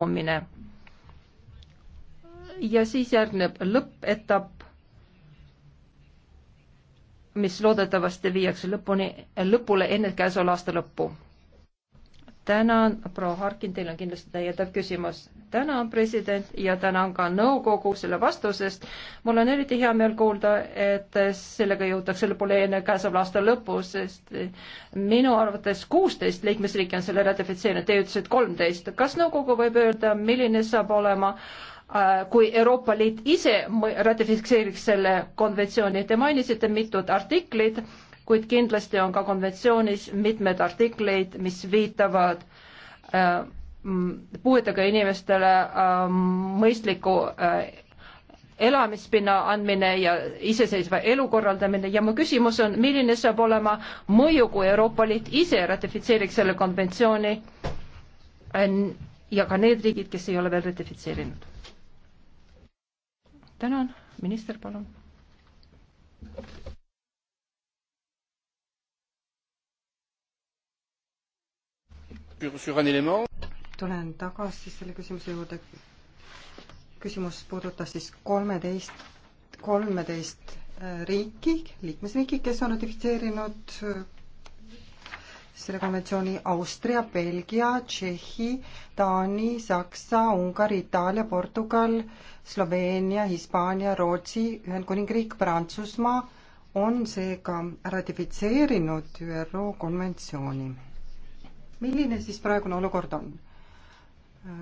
loomine. ja siis järgneb lõppetapp, mis loodetavasti viiakse lõpuni, lõpule enne käesoleva aasta lõppu tänan, proua Harkin, teil on kindlasti täiendav küsimus. tänan, president, ja tänan ka nõukogu selle vastusest. mul on eriti hea meel kuulda, et sellega jõutakse lõpule enne käesoleva aasta lõppu, sest minu arvates kuusteist liikmesriiki on selle ratifitseerinud, teie ütlesite kolmteist. kas nõukogu võib öelda, milline saab olema äh, kui Euroopa Liit ise ratifitseeriks selle konventsiooni, te mainisite mitut artiklit kuid kindlasti on ka konventsioonis mitmed artikleid, mis viitavad äh, puuetega inimestele äh, mõistliku äh, elamispinna andmine ja iseseisva elu korraldamine ja mu küsimus on, milline saab olema mõju, kui Euroopa Liit ise ratifitseeriks selle konventsiooni ja ka need riigid, kes ei ole veel ratifitseerinud. tänan, minister, palun. tulen tagasi selle küsimuse juurde. küsimus puudutas siis kolmeteist, kolmeteist äh, riiki, liikmesriiki, kes on ratifitseerinud äh, selle konventsiooni Austria, Belgia, Tšehhi, Taani, Saksa, Ungari, Itaalia, Portugal, Sloveenia, Hispaania, Rootsi, Ühendkuningriik, Prantsusmaa on seega ratifitseerinud ÜRO konventsiooni milline siis praegune olukord on?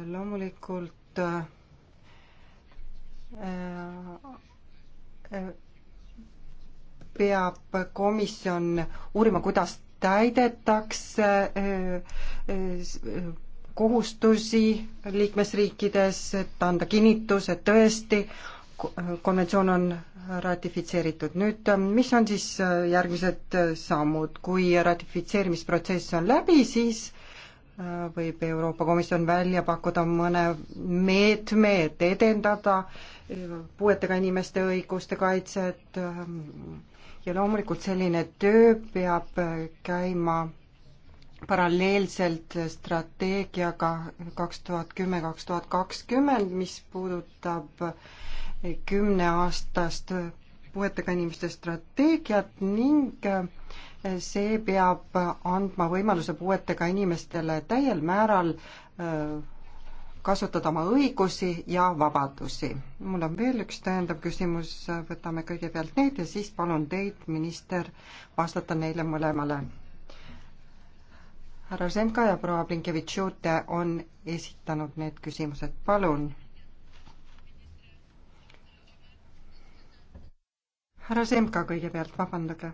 loomulikult äh, äh, peab komisjon uurima, kuidas täidetakse äh, kohustusi liikmesriikides, et anda kinnitus, et tõesti konventsioon on ratifitseeritud. nüüd, mis on siis äh, järgmised äh, sammud, kui ratifitseerimisprotsess on läbi, siis äh, võib Euroopa Komisjon välja pakkuda mõne meetme, et edendada puuetega inimeste õiguste kaitset ja loomulikult selline töö peab käima paralleelselt strateegiaga kaks tuhat kümme, kaks tuhat kakskümmend, mis puudutab äh, kümneaastast puuetega inimeste strateegiat ning eh, see peab andma võimaluse puuetega inimestele täiel määral eh, kasutada oma õigusi ja vabadusi. mul on veel üks täiendav küsimus, võtame kõigepealt need ja siis palun teid, minister, vastata neile mõlemale. härra Semka ja proua Blinkevitš-Jute on esitanud need küsimused, palun härra Semka kõigepealt, vabandage.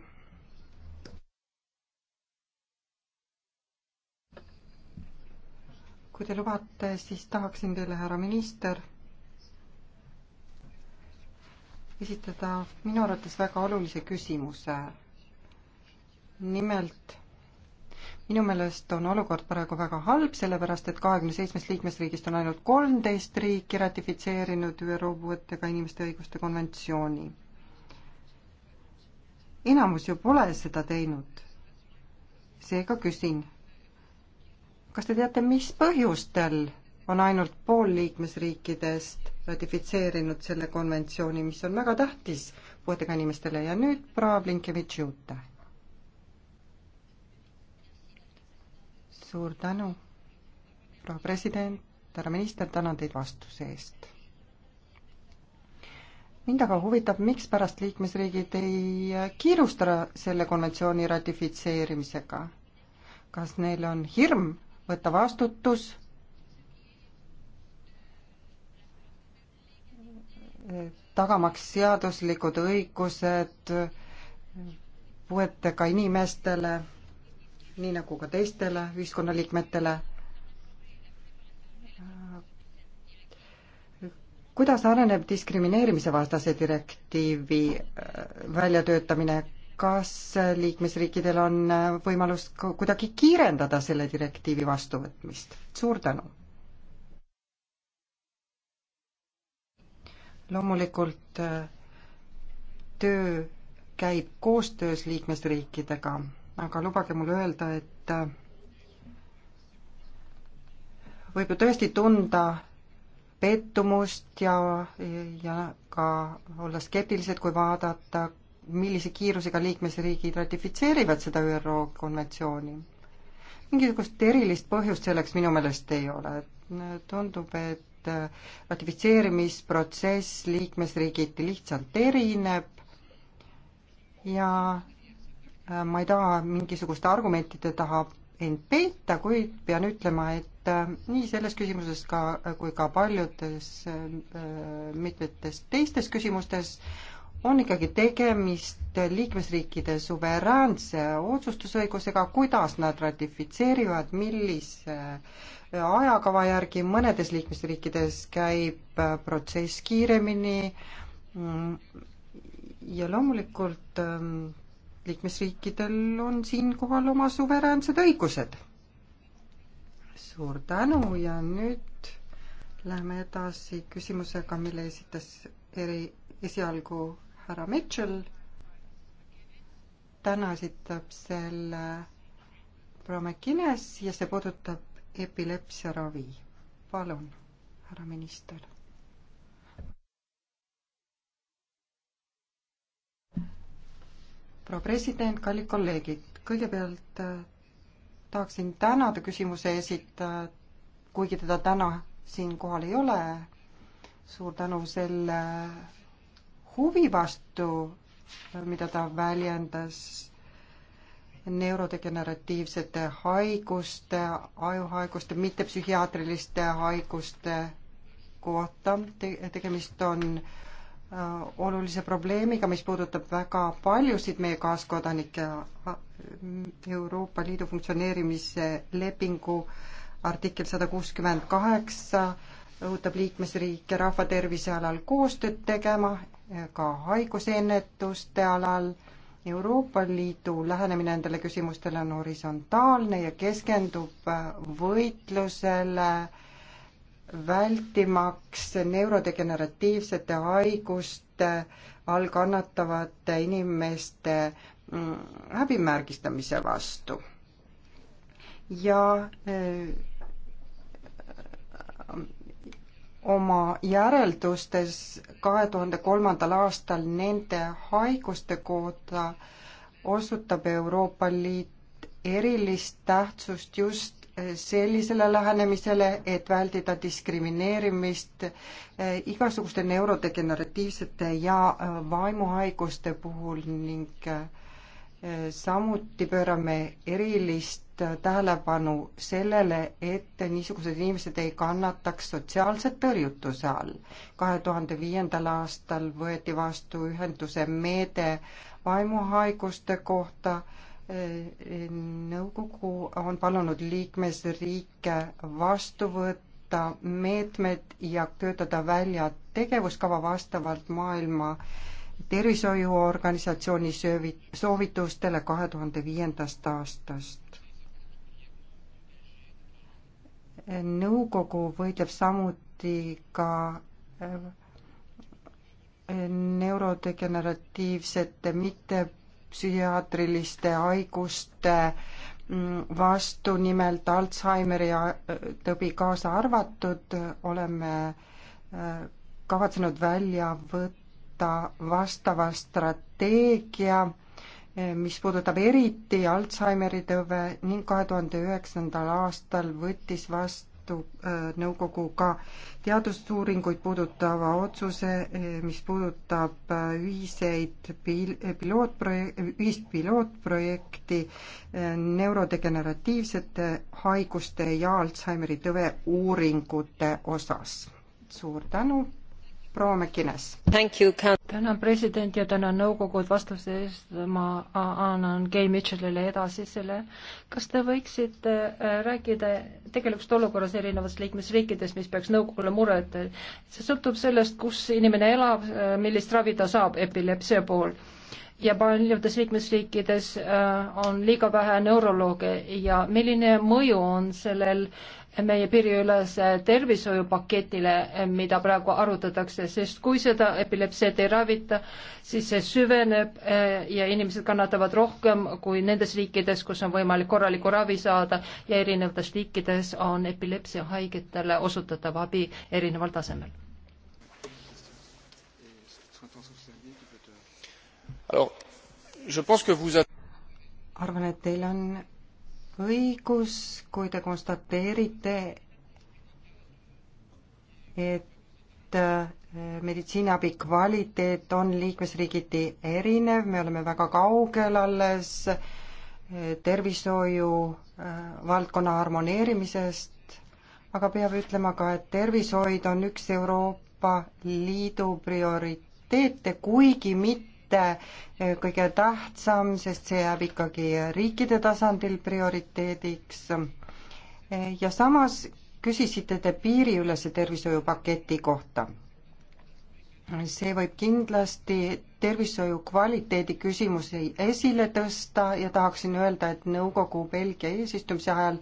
kui te lubate, siis tahaksin teile, härra minister, esitada minu arvates väga olulise küsimuse. nimelt, minu meelest on olukord praegu väga halb, sellepärast et kahekümne seitsmest liikmesriigist on ainult kolmteist riiki ratifitseerinud ÜRO puuetega inimeste õiguste konventsiooni enamus ju pole seda teinud. seega küsin, kas te teate, mis põhjustel on ainult pool liikmesriikidest ratifitseerinud selle konventsiooni, mis on väga tähtis puuetega inimestele ja nüüd Prav Linkevitš Juta. suur tänu, proua president, härra minister, tänan teid vastuse eest mind aga huvitab, mikspärast liikmesriigid ei kiirusta selle konventsiooni ratifitseerimisega. kas neil on hirm võtta vastutus? tagamaks seaduslikud õigused puuetega inimestele, nii nagu ka teistele ühiskonnaliikmetele kuidas areneb diskrimineerimise vastase direktiivi äh, väljatöötamine, kas liikmesriikidel on äh, võimalus kuidagi kiirendada selle direktiivi vastuvõtmist? suur tänu! loomulikult äh, töö käib koostöös liikmesriikidega, aga lubage mul öelda, et võib ju tõesti tunda pettumust ja, ja ka olla skeptilised, kui vaadata, millise kiirusega liikmesriigid ratifitseerivad seda ÜRO konventsiooni. mingisugust erilist põhjust selleks minu meelest ei ole. tundub, et ratifitseerimisprotsess liikmesriigiti lihtsalt erineb ja ma ei taha mingisuguste argumentide taha end peita, kuid pean ütlema, et äh, nii selles küsimuses ka, äh, kui ka paljudes äh, mitmetes teistes küsimustes on ikkagi tegemist liikmesriikide suveräänse otsustusõigusega, kuidas nad ratifitseerivad, millise ajakava järgi, mõnedes liikmesriikides käib protsess kiiremini mm, ja loomulikult ähm, liikmesriikidel on siinkohal oma suveräänsed õigused. suur tänu ja nüüd läheme edasi küsimusega, mille esitas eri, esialgu härra Mitchell. täna esitab selle proua McInnes ja see puudutab epilepsia ravi. palun, härra minister proua president, kallid kolleegid, kõigepealt äh, tahaksin tänada küsimuse esitajat, äh, kuigi teda täna siin kohal ei ole. suur tänu selle huvi vastu, äh, mida ta väljendas neurodegeneratiivsete haiguste, ajuhaiguste, mittepsühhiaatriliste haiguste kohta Te. tegemist on äh, Äh, olulise probleemiga, mis puudutab väga paljusid meie kaaskodanikke. Äh, Euroopa Liidu funktsioneerimise lepingu artikkel sada kuuskümmend kaheksa õhutab liikmesriike rahvatervise alal koostööd tegema, äh, ka haigusennetuste alal. Euroopa Liidu lähenemine nendele küsimustele on horisontaalne ja keskendub võitlusele äh, vältimaks neurodegeneratiivsete haiguste all kannatavate inimeste mm, häbimärgistamise vastu. ja äh, oma järeldustes kahe tuhande kolmandal aastal nende haiguste kohta osutab Euroopa Liit erilist tähtsust just sellisele lähenemisele, et väldida diskrimineerimist eh, igasuguste neurodegeneratiivsete ja eh, vaimuhaiguste puhul ning eh, samuti pöörame erilist tähelepanu sellele, et niisugused inimesed ei kannataks sotsiaalse tõrjutuse all. kahe tuhande viiendal aastal võeti vastu ühenduse meede vaimuhaiguste kohta nõukogu on palunud liikmesriike vastu võtta meetmed ja töötada välja tegevuskava vastavalt maailma tervishoiuorganisatsiooni soovitustele kahe tuhande viiendast aastast. nõukogu võitleb samuti ka äh, neurodegeneratiivsete mitte psühhiaatriliste haiguste mm, vastu, nimelt Alžeimeri ja äh, tõbi kaasa arvatud, oleme äh, kavatsenud välja võtta vastava strateegia, äh, mis puudutab eriti Alžeimeri tõve ning kahe tuhande üheksandal aastal võttis vast-, vastu äh, nõukoguga teadusuuringuid puudutava otsuse, äh, mis puudutab äh, ühiseid pil-, pilootprojek-, ühist pilootprojekti neurodegeneratiivsete haiguste ja Alžeimeri tõve uuringute osas. suur tänu! proua McInnes. tänan president ja tänan nõukogud vastuse eest, ma annan Gay Mitchellile edasi selle. kas te võiksite äh, rääkida tegelikust olukorras erinevates liikmesriikides, mis peaks nõukogule muret, see sõltub sellest, kus inimene elab, äh, millist ravi ta saab epilepsia puhul ja paljudes liikmesriikides äh, on liiga vähe neurolooge ja milline mõju on sellel äh, meie piiriülese tervishoiupaketile, mida praegu arutatakse, sest kui seda epilepsiat ei ravita, siis see süveneb eh, ja inimesed kannatavad rohkem kui nendes riikides, kus on võimalik korralikku ravi saada ja erinevates riikides on epilepsiahaigetele osutatav abi erineval tasemel. Alors, je pense que vous arvan, et teil on õigus, kui te konstateerite, et äh, meditsiiniabi kvaliteet on liikmesriigiti erinev, me oleme väga kaugel alles äh, tervishoiu äh, valdkonna harmoneerimisest, aga peab ütlema ka, et tervishoid on üks Euroopa Liidu prioriteete, kuigi mitte mitte eh, kõige tähtsam, sest see jääb ikkagi riikide tasandil prioriteediks. Eh, ja samas küsisite te piiriülese tervishoiupaketi kohta see võib kindlasti tervishoiu kvaliteedi küsimusi esile tõsta ja tahaksin öelda, et nõukogu Belgia eesistumise ajal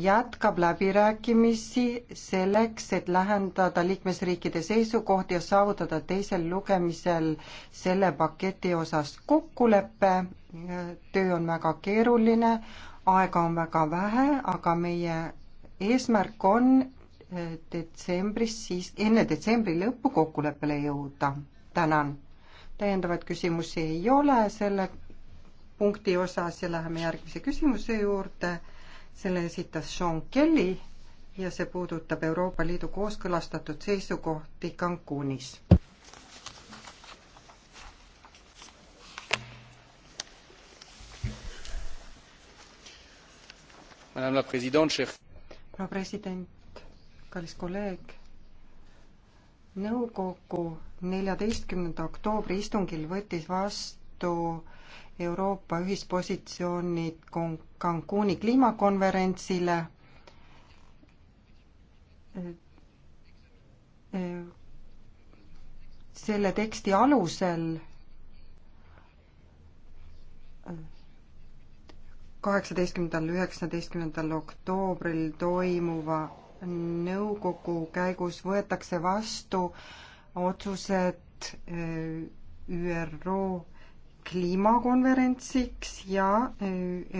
jätkab läbirääkimisi selleks, et lähendada liikmesriikide seisukohti ja saavutada teisel lugemisel selle paketi osas kokkulepe. töö on väga keeruline, aega on väga vähe, aga meie eesmärk on eh, detsembris siis, enne detsembri lõppu kokkuleppele jõuda. tänan. täiendavaid küsimusi ei ole selle punkti osas ja läheme järgmise küsimuse juurde selle esitas Sean Kelly ja see puudutab Euroopa Liidu kooskõlastatud seisukohti Cancunis. proua president, kallis kolleeg, nõukogu neljateistkümnenda oktoobri istungil võttis vastu Euroopa ühispositsioonid Cancuni kliimakonverentsile. selle teksti alusel kaheksateistkümnendal, üheksateistkümnendal oktoobril toimuva nõukogu käigus võetakse vastu otsused ÜRO kliimakonverentsiks ja e,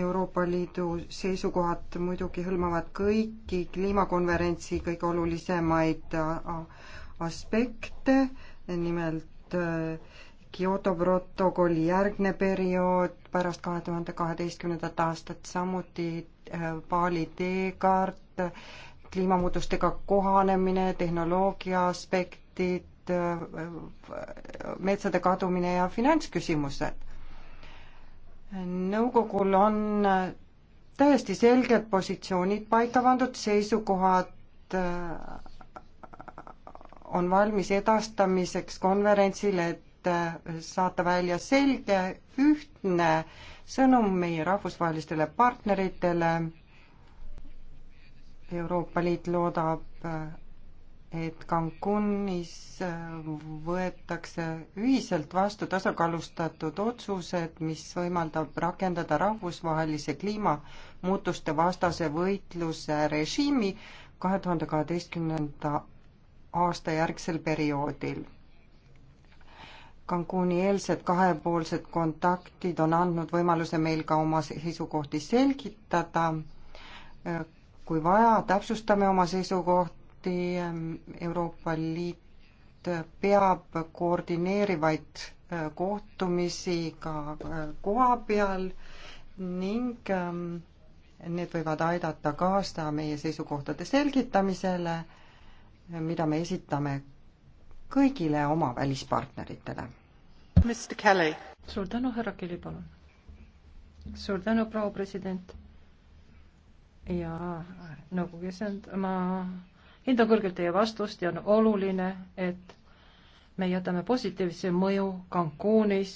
Euroopa Liidu seisukohad muidugi hõlmavad kõiki kliimakonverentsi kõige olulisemaid aspekte, nimelt e, Kyoto protokolli järgne periood pärast kahe tuhande kaheteistkümnendat aastat, samuti Paali e, teekaart, kliimamuutustega kohanemine, tehnoloogia aspektid, Äh, metsade kadumine ja finantsküsimused. nõukogul on äh, täiesti selged positsioonid paika pandud, seisukohad äh, on valmis edastamiseks konverentsile, et saata välja selge, ühtne sõnum meie rahvusvahelistele partneritele. Euroopa Liit loodab et Cancunis äh, võetakse ühiselt vastu tasakaalustatud otsused, mis võimaldab rakendada rahvusvahelise kliimamuutuste vastase võitluse režiimi kahe tuhande kaheteistkümnenda aasta järgsel perioodil. Cancuni eelsed kahepoolsed kontaktid on andnud võimaluse meil ka oma seisukohti selgitada. Äh, kui vaja, täpsustame oma seisukohti samuti ähm, Euroopa Liit peab koordineerivaid äh, kohtumisi ka äh, koha peal ning ähm, need võivad aidata kaasa meie seisukohtade selgitamisele, mida me esitame kõigile oma välispartneritele. suur tänu, härra Kelly, palun. suur tänu, proua president. ja nagu kesend ma hindan kõrgelt teie vastust ja on oluline, et me jätame positiivse mõju Cancunis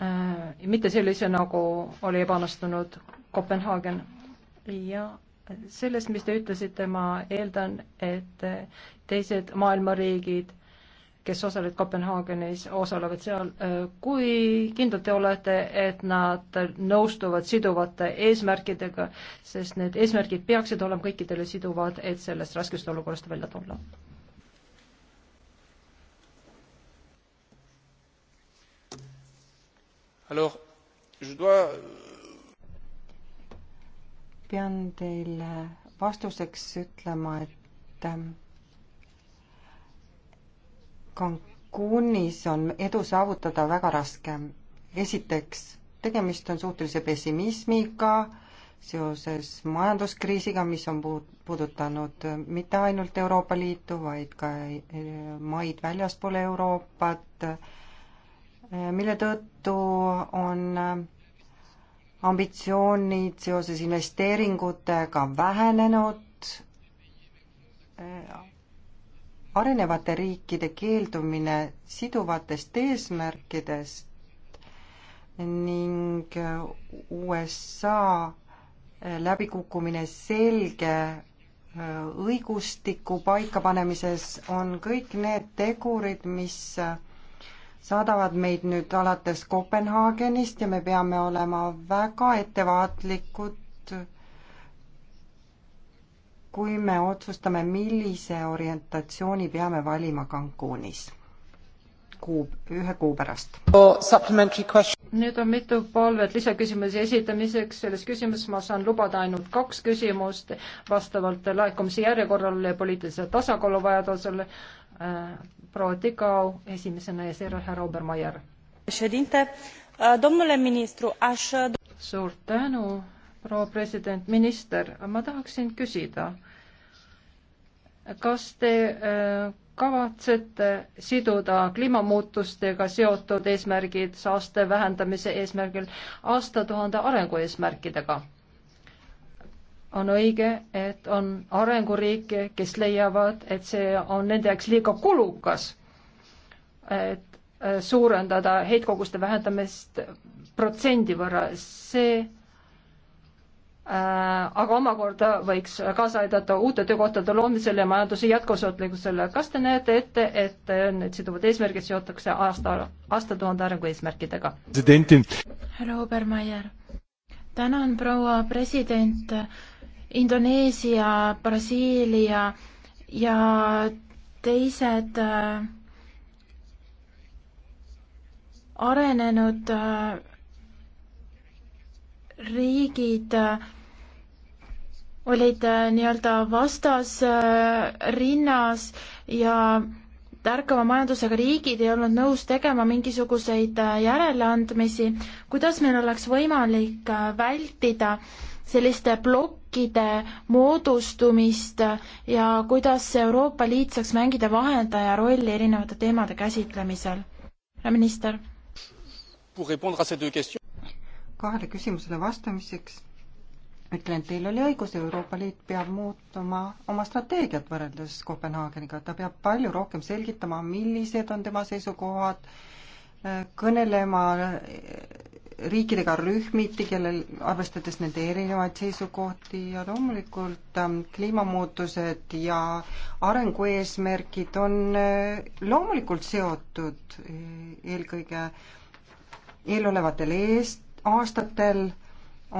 äh,, mitte sellise, nagu oli ebaõnnestunud Kopenhaagen. ja sellest, mis te ütlesite, ma eeldan, et teised maailma riigid kes osalevad Kopenhaagenis, osalevad seal, äh, kui kindlad te olete, et nad nõustuvad siduvate eesmärkidega, sest need eesmärgid peaksid olema kõikidele siduvad, et sellest raskest olukorrast välja tulla? Alors, je dois... Euh, pean teile vastuseks ütlema, et ähm, Cancunis on edu saavutada väga raske. esiteks, tegemist on suhtelise pessimismiga seoses majanduskriisiga, mis on puudutanud mitte ainult Euroopa Liitu, vaid ka eh, maid väljaspool Euroopat, eh, mille tõttu on eh, ambitsioonid seoses investeeringutega vähenenud, arenevate riikide keeldumine siduvatest eesmärkidest ning USA läbikukkumine selge õigustiku paikapanemises on kõik need tegurid, mis saadavad meid nüüd alates Kopenhaagenist ja me peame olema väga ettevaatlikud kui me otsustame, millise orientatsiooni peame valima Cancunis kuu, ühe kuu pärast. nüüd on mitu palvet lisaküsimusi esitamiseks, selles küsimuses ma saan lubada ainult kaks küsimust vastavalt laekumise järjekorrale ja poliitilise tasakaalu vajadusele. Äh, proua Tikau esimesena ja seejärel härra Obermeier. Äh, suur tänu proua president, minister, ma tahaksin küsida, kas te äh, kavatsete siduda kliimamuutustega seotud eesmärgid saaste vähendamise eesmärgil aastatuhande arengueesmärkidega? on õige, et on arenguriike, kes leiavad, et see on nende jaoks liiga kulukas, et äh, suurendada heitkoguste vähendamist protsendi võrra, see Äh, aga omakorda võiks kaasa aidata uute töökohtade loomisele ja majanduse jätkusuutlikkusele. kas te näete ette, et need siduvad eesmärgid seotakse aasta, aastatuhande arengu eesmärkidega? härra Obermeier, tänan, proua president. Indoneesia, Brasiilia ja teised äh, arenenud äh, riigid äh, olid äh, nii-öelda vastasrinnas äh, ja tärkava majandusega riigid ei olnud nõus tegema mingisuguseid järeleandmisi, kuidas meil oleks võimalik vältida selliste plokkide moodustumist ja kuidas Euroopa Liit saaks mängida vahendaja rolli erinevate teemade käsitlemisel? härra minister kahele küsimusele vastamiseks ütlen, teil oli õigus, Euroopa Liit peab muutuma oma strateegiat võrreldes Kopenhaageniga, ta peab palju rohkem selgitama, millised on tema seisukohad, kõnelema riikidega rühmiti, kellel, arvestades nende erinevaid seisukohti ja loomulikult ähm, kliimamuutused ja arengueesmärgid on äh, loomulikult seotud e-, eelkõige eelolevatel eest, aastatel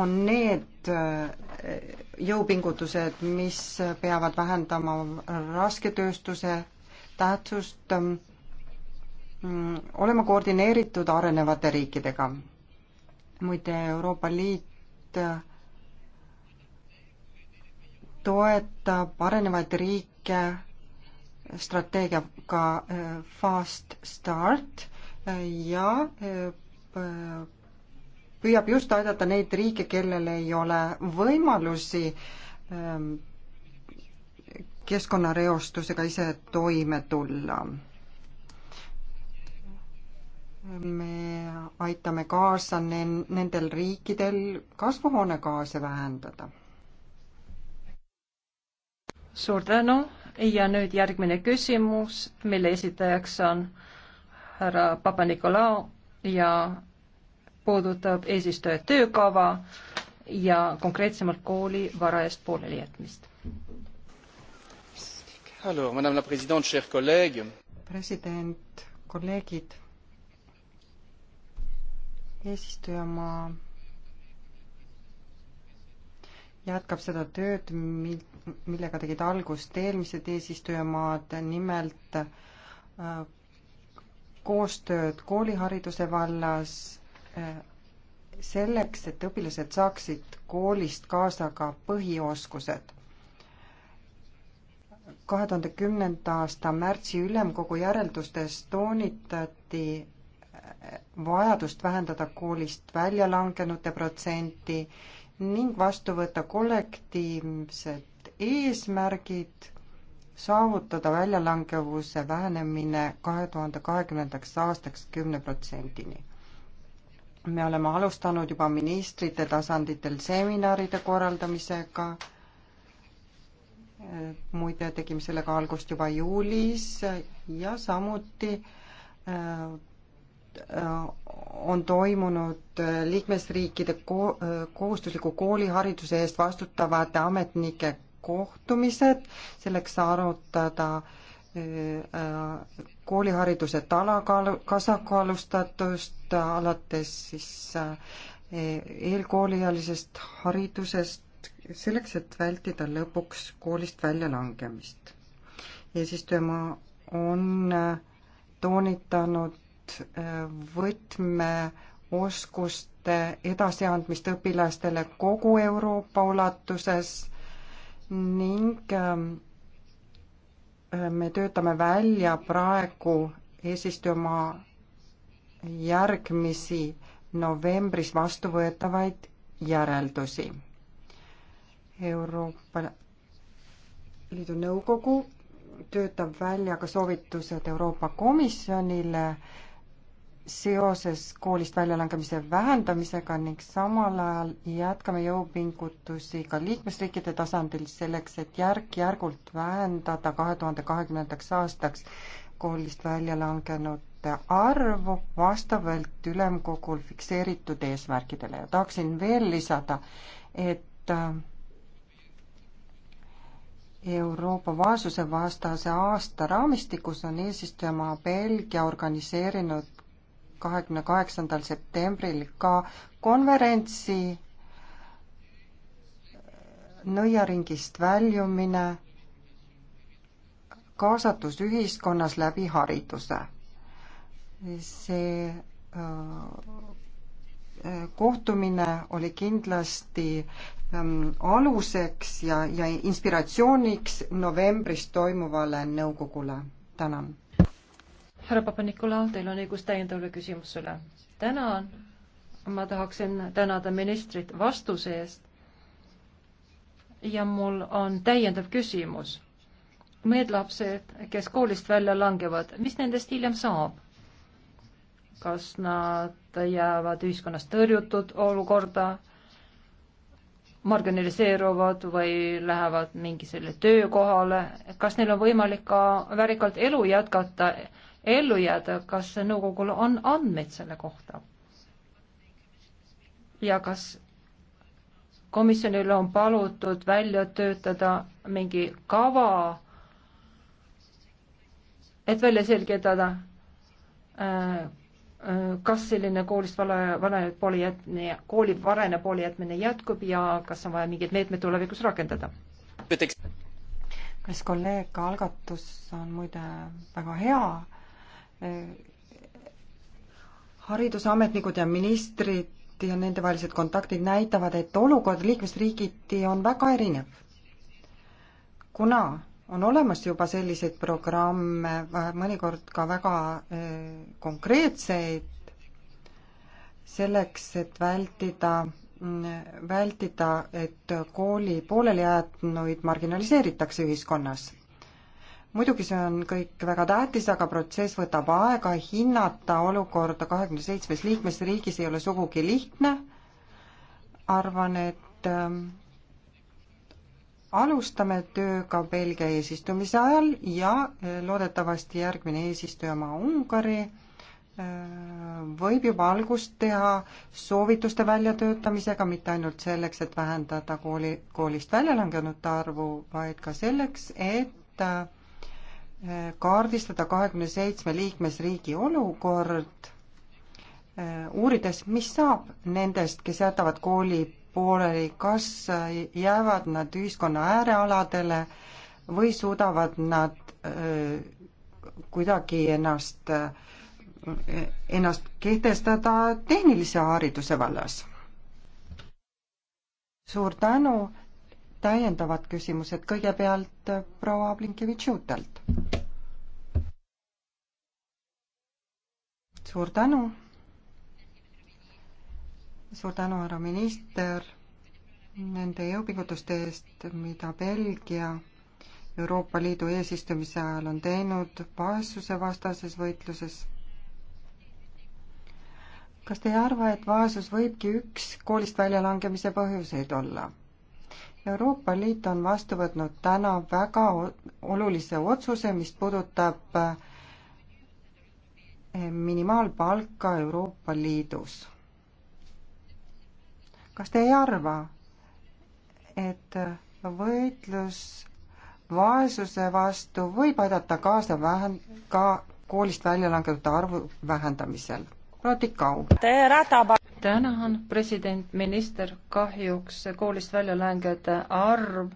on need äh, jõupingutused, mis peavad vähendama rasketööstuse tähtsust, ähm, olema koordineeritud arenevate riikidega. muide, Euroopa Liit äh, toetab arenevaid riike strateegiaga äh, Fast Start ja püüab just aidata neid riike, kellel ei ole võimalusi ähm, keskkonnareostusega ise toime tulla. me aitame kaasa nendel riikidel kasvuhoonegaase vähendada. suur tänu ja nüüd järgmine küsimus, mille esitajaks on härra Papa-Nikolau ja puudutab eesistuja töökava ja konkreetsemalt kooli varajast poolelijätmist. president, kolleegid, eesistujamaa jätkab seda tööd, mil, millega tegid algust eelmised eesistujamaad, nimelt äh, koostööd koolihariduse vallas Äh, selleks, et õpilased saaksid koolist kaasa ka põhioskused. kahe tuhande kümnenda aasta märtsi ülemkogu järeldustes toonitati äh, vajadust vähendada koolist väljalangenute protsenti ning vastu võtta kollektiivsed eesmärgid saavutada väljalangevuse vähenemine kahe tuhande kahekümnendaks aastaks kümne protsendini me oleme alustanud juba ministrite tasanditel seminaride korraldamisega. muide, tegime sellega algust juba juulis ja samuti äh, on toimunud äh, liikmesriikide ko äh, kohustusliku koolihariduse eest vastutavate ametnike kohtumised, selleks arutada äh, koolihariduse talakaalu, tasakaalustatust alates siis äh, eelkooliealisest haridusest, selleks, et vältida lõpuks koolist väljalangemist. eesistujama on äh, toonitanud äh, võtmeoskuste edasiandmist õpilastele kogu Euroopa ulatuses ning ähm, me töötame välja praegu eesistujamaa järgmisi novembris vastu võetavaid järeldusi. Euroopa Liidu Nõukogu töötab välja ka soovitused Euroopa Komisjonile äh, seoses koolist väljalangemise vähendamisega ning samal ajal jätkame jõupingutusi ka liikmesriikide tasandil selleks, et järk-järgult vähendada kahe tuhande kahekümnendaks aastaks koolist välja langenute arvu vastavalt ülemkogul fikseeritud eesmärkidele ja tahaksin veel lisada, et äh, Euroopa vaesuse vastase aasta raamistikus on eesistujamaa Belgia organiseerinud kahekümne kaheksandal septembril ka konverentsi nõiaringist väljumine, kaasatus ühiskonnas läbi hariduse. see kohtumine oli kindlasti aluseks ja, ja inspiratsiooniks novembris toimuvale nõukogule. tänan härra Papanikula, teil on õigus täiendavale küsimusele. tänan, ma tahaksin tänada ministrit vastuse eest. ja mul on täiendav küsimus. Need lapsed, kes koolist välja langevad, mis nendest hiljem saab? kas nad jäävad ühiskonnas tõrjutud olukorda, marginaliseeruvad või lähevad mingisele töökohale, kas neil on võimalik ka väärikalt elu jätkata ellu jääda, kas nõukogul on andmeid selle kohta? ja kas komisjonil on palutud välja töötada mingi kava, et välja selgitada, äh, äh, kas selline koolist vale, vale pooli jätmine, kooli varene pooli jätmine jätkub ja kas on vaja mingeid meetmeid tulevikus rakendada? kas kolleeg algatus on muide väga hea, haridusametnikud ja ministrid ja nendevahelised kontaktid näitavad, et olukord liikmesriigiti on väga erinev. kuna on olemas juba selliseid programme, mõnikord ka väga eh, konkreetseid, selleks, et vältida, mm, vältida, et kooli poolelijäetnuid marginaliseeritakse ühiskonnas muidugi see on kõik väga tähtis, aga protsess võtab aega, hinnata olukorda kahekümne seitsmes liikmesriigis ei ole sugugi lihtne, arvan, et ähm, alustame tööga Belgia eesistumise ajal ja äh, loodetavasti järgmine eesistuja oma Ungari äh, võib juba algust teha soovituste väljatöötamisega, mitte ainult selleks, et vähendada kooli, koolist välja langenute arvu, vaid ka selleks, et äh, kaardistada kahekümne seitsme liikmesriigi olukord, eh, uurides, mis saab nendest, kes jätavad kooli pooleli, kas jäävad nad ühiskonna äärealadele või suudavad nad öö, eh, kuidagi ennast, eh, ennast kehtestada tehnilise hariduse vallas. suur tänu täiendavad küsimused, kõigepealt äh, proua Blinkevitš-Jutelt. suur tänu. suur tänu, härra minister, nende jõupingutuste eest, mida Belgia Euroopa Liidu eesistumise ajal on teinud vaesusevastases võitluses. kas te ei arva, et vaesus võibki üks koolist väljalangemise põhjuseid olla? Euroopa Liit on vastu võtnud täna väga olulise otsuse, mis puudutab eh, minimaalpalka Euroopa Liidus. kas te ei arva, et võitlus vaesuse vastu võib aidata kaasa vähen-, ka koolist välja langenud arvu vähendamisel? Radikau tänan, president, minister, kahjuks koolist väljalangejate arv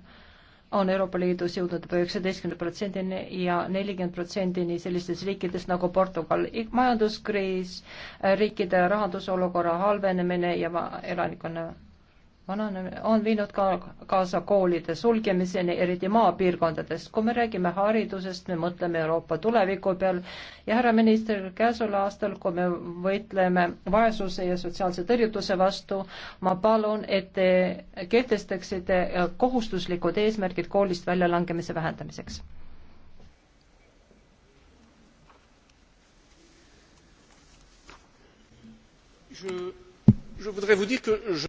on Euroopa Liidus jõudnud juba üheksateistkümne protsendini ja nelikümmend protsendini sellistes riikides nagu Portugal. majanduskriis, riikide rahandusolukorra halvenemine ja elanikkonna on, on viinud ka kaasa koolide sulgemiseni, eriti maapiirkondades. kui me räägime haridusest, me mõtleme Euroopa tuleviku peal ja härra minister, käesoleval aastal, kui me võitleme vaesuse ja sotsiaalse tõrjutuse vastu, ma palun, et te kehtestaksite kohustuslikud eesmärgid koolist väljalangemise vähendamiseks. Je, je voudrais vous dire que je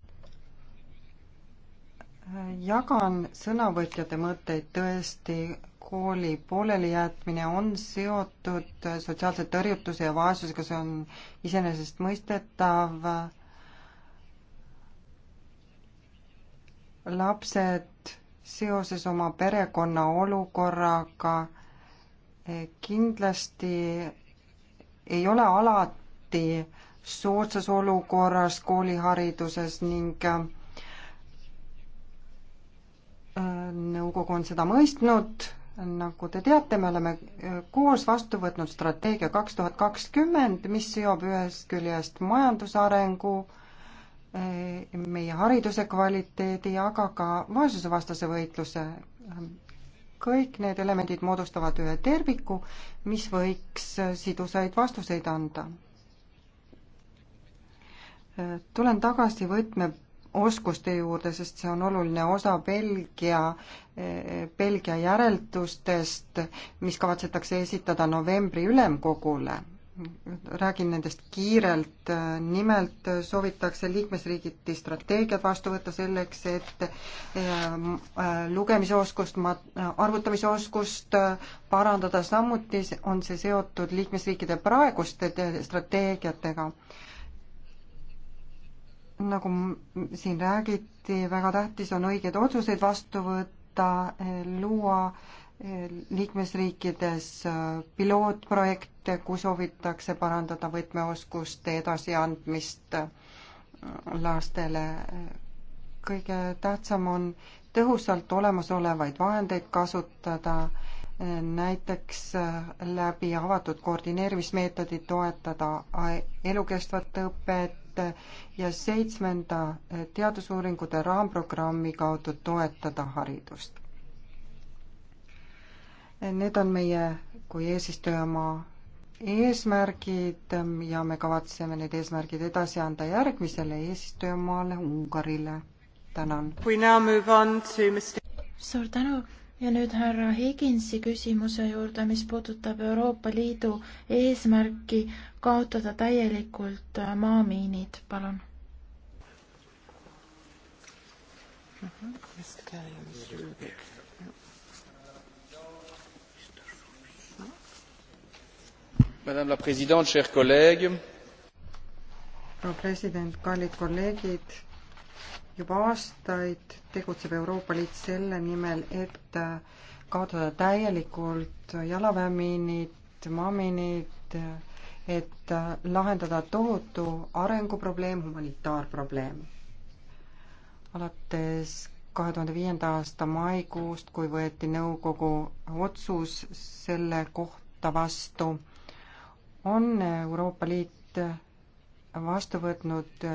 jagan sõnavõtjate mõtteid tõesti, kooli poolelijätmine on seotud sotsiaalse tõrjutuse ja vaesusega, see on iseenesestmõistetav. lapsed seoses oma perekonna olukorraga kindlasti ei ole alati soodsas olukorras koolihariduses ning äh, nõukogu on seda mõistnud, nagu te teate, me oleme äh, koos vastu võtnud strateegia kaks tuhat kakskümmend, mis seob ühest küljest majandusarengu, äh, meie hariduse kvaliteedi, aga ka vaesusevastase võitluse. kõik need elemendid moodustavad ühe terviku, mis võiks äh, sidusaid vastuseid anda. tulen tagasi võtme oskuste juurde, sest see on oluline osa Belgia, Belgia järeldustest, mis kavatsetakse esitada novembri ülemkogule. räägin nendest kiirelt, nimelt soovitakse liikmesriigiti strateegiad vastu võtta selleks, et eh, lugemisoskust, arvutamisoskust parandada, samuti on see seotud liikmesriikide praeguste strateegiatega nagu siin räägiti, väga tähtis on õigeid otsuseid vastu võtta, luua eh, liikmesriikides eh, pilootprojekte, kui soovitakse parandada võtmeoskuste edasiandmist eh, lastele. kõige tähtsam on tõhusalt olemasolevaid vahendeid kasutada, näiteks läbi avatud koordineerimismeetodi toetada elukestvat õpet, projekte ja seitsmenda teadusuuringute raamprogrammi kaudu toetada haridust. Need on meie kui eesistujamaa eesmärgid ja me kavatseme need eesmärgid edasi anda järgmisele eesistujamaale Ungarile. tänan. suur tänu ja nüüd härra Higinsi küsimuse juurde, mis puudutab Euroopa Liidu eesmärki kaotada täielikult äh, maamiinid, palun. Madame la présidente, chers collègues. proua president, kallid kolleegid juba aastaid tegutseb Euroopa Liit selle nimel, et kaotada täielikult jalaväemiinid, maaminid, et lahendada tohutu arenguprobleem, humanitaarprobleem. alates kahe tuhande viienda aasta maikuust, kui võeti nõukogu otsus selle kohta vastu, on Euroopa Liit vastu võtnud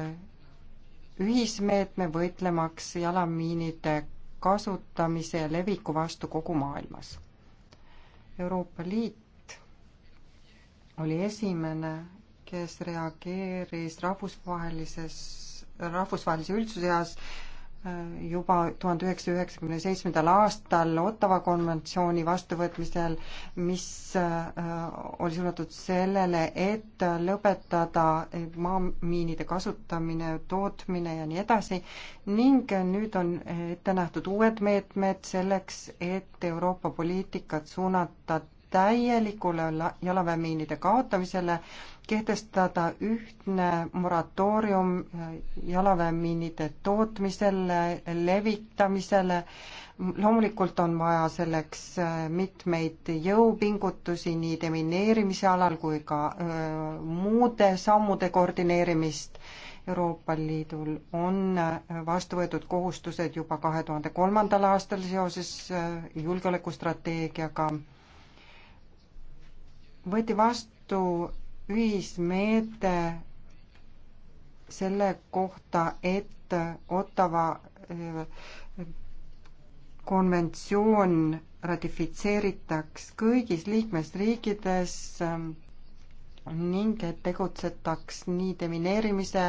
ühismeetme võitlemaks jalamiinide kasutamise ja leviku vastu kogu maailmas. Euroopa Liit oli esimene, kes reageeris rahvusvahelises, rahvusvahelise üldsuse seas juba tuhande üheksasaja üheksakümne seitsmendal aastal Ottawa konventsiooni vastuvõtmisel, mis äh, oli suunatud sellele, et lõpetada maamiinide kasutamine, tootmine ja nii edasi ning nüüd on ette nähtud uued meetmed selleks, et Euroopa poliitikat suunata täielikule jalaväemiinide kaotamisele kehtestada ühtne moratoorium äh, jalaväemiinide tootmisele, levitamisele. loomulikult on vaja selleks äh, mitmeid jõupingutusi nii demineerimise alal kui ka öö, äh, muude sammude koordineerimist. Euroopa Liidul on vastu võetud kohustused juba kahe tuhande kolmandal aastal seoses julgeolekustrateegiaga. võeti vastu vastu ühismeede selle kohta, et Ottawa äh, konventsioon ratifitseeritaks kõigis liikmesriikides ähm, ning et tegutsetaks nii demineerimise,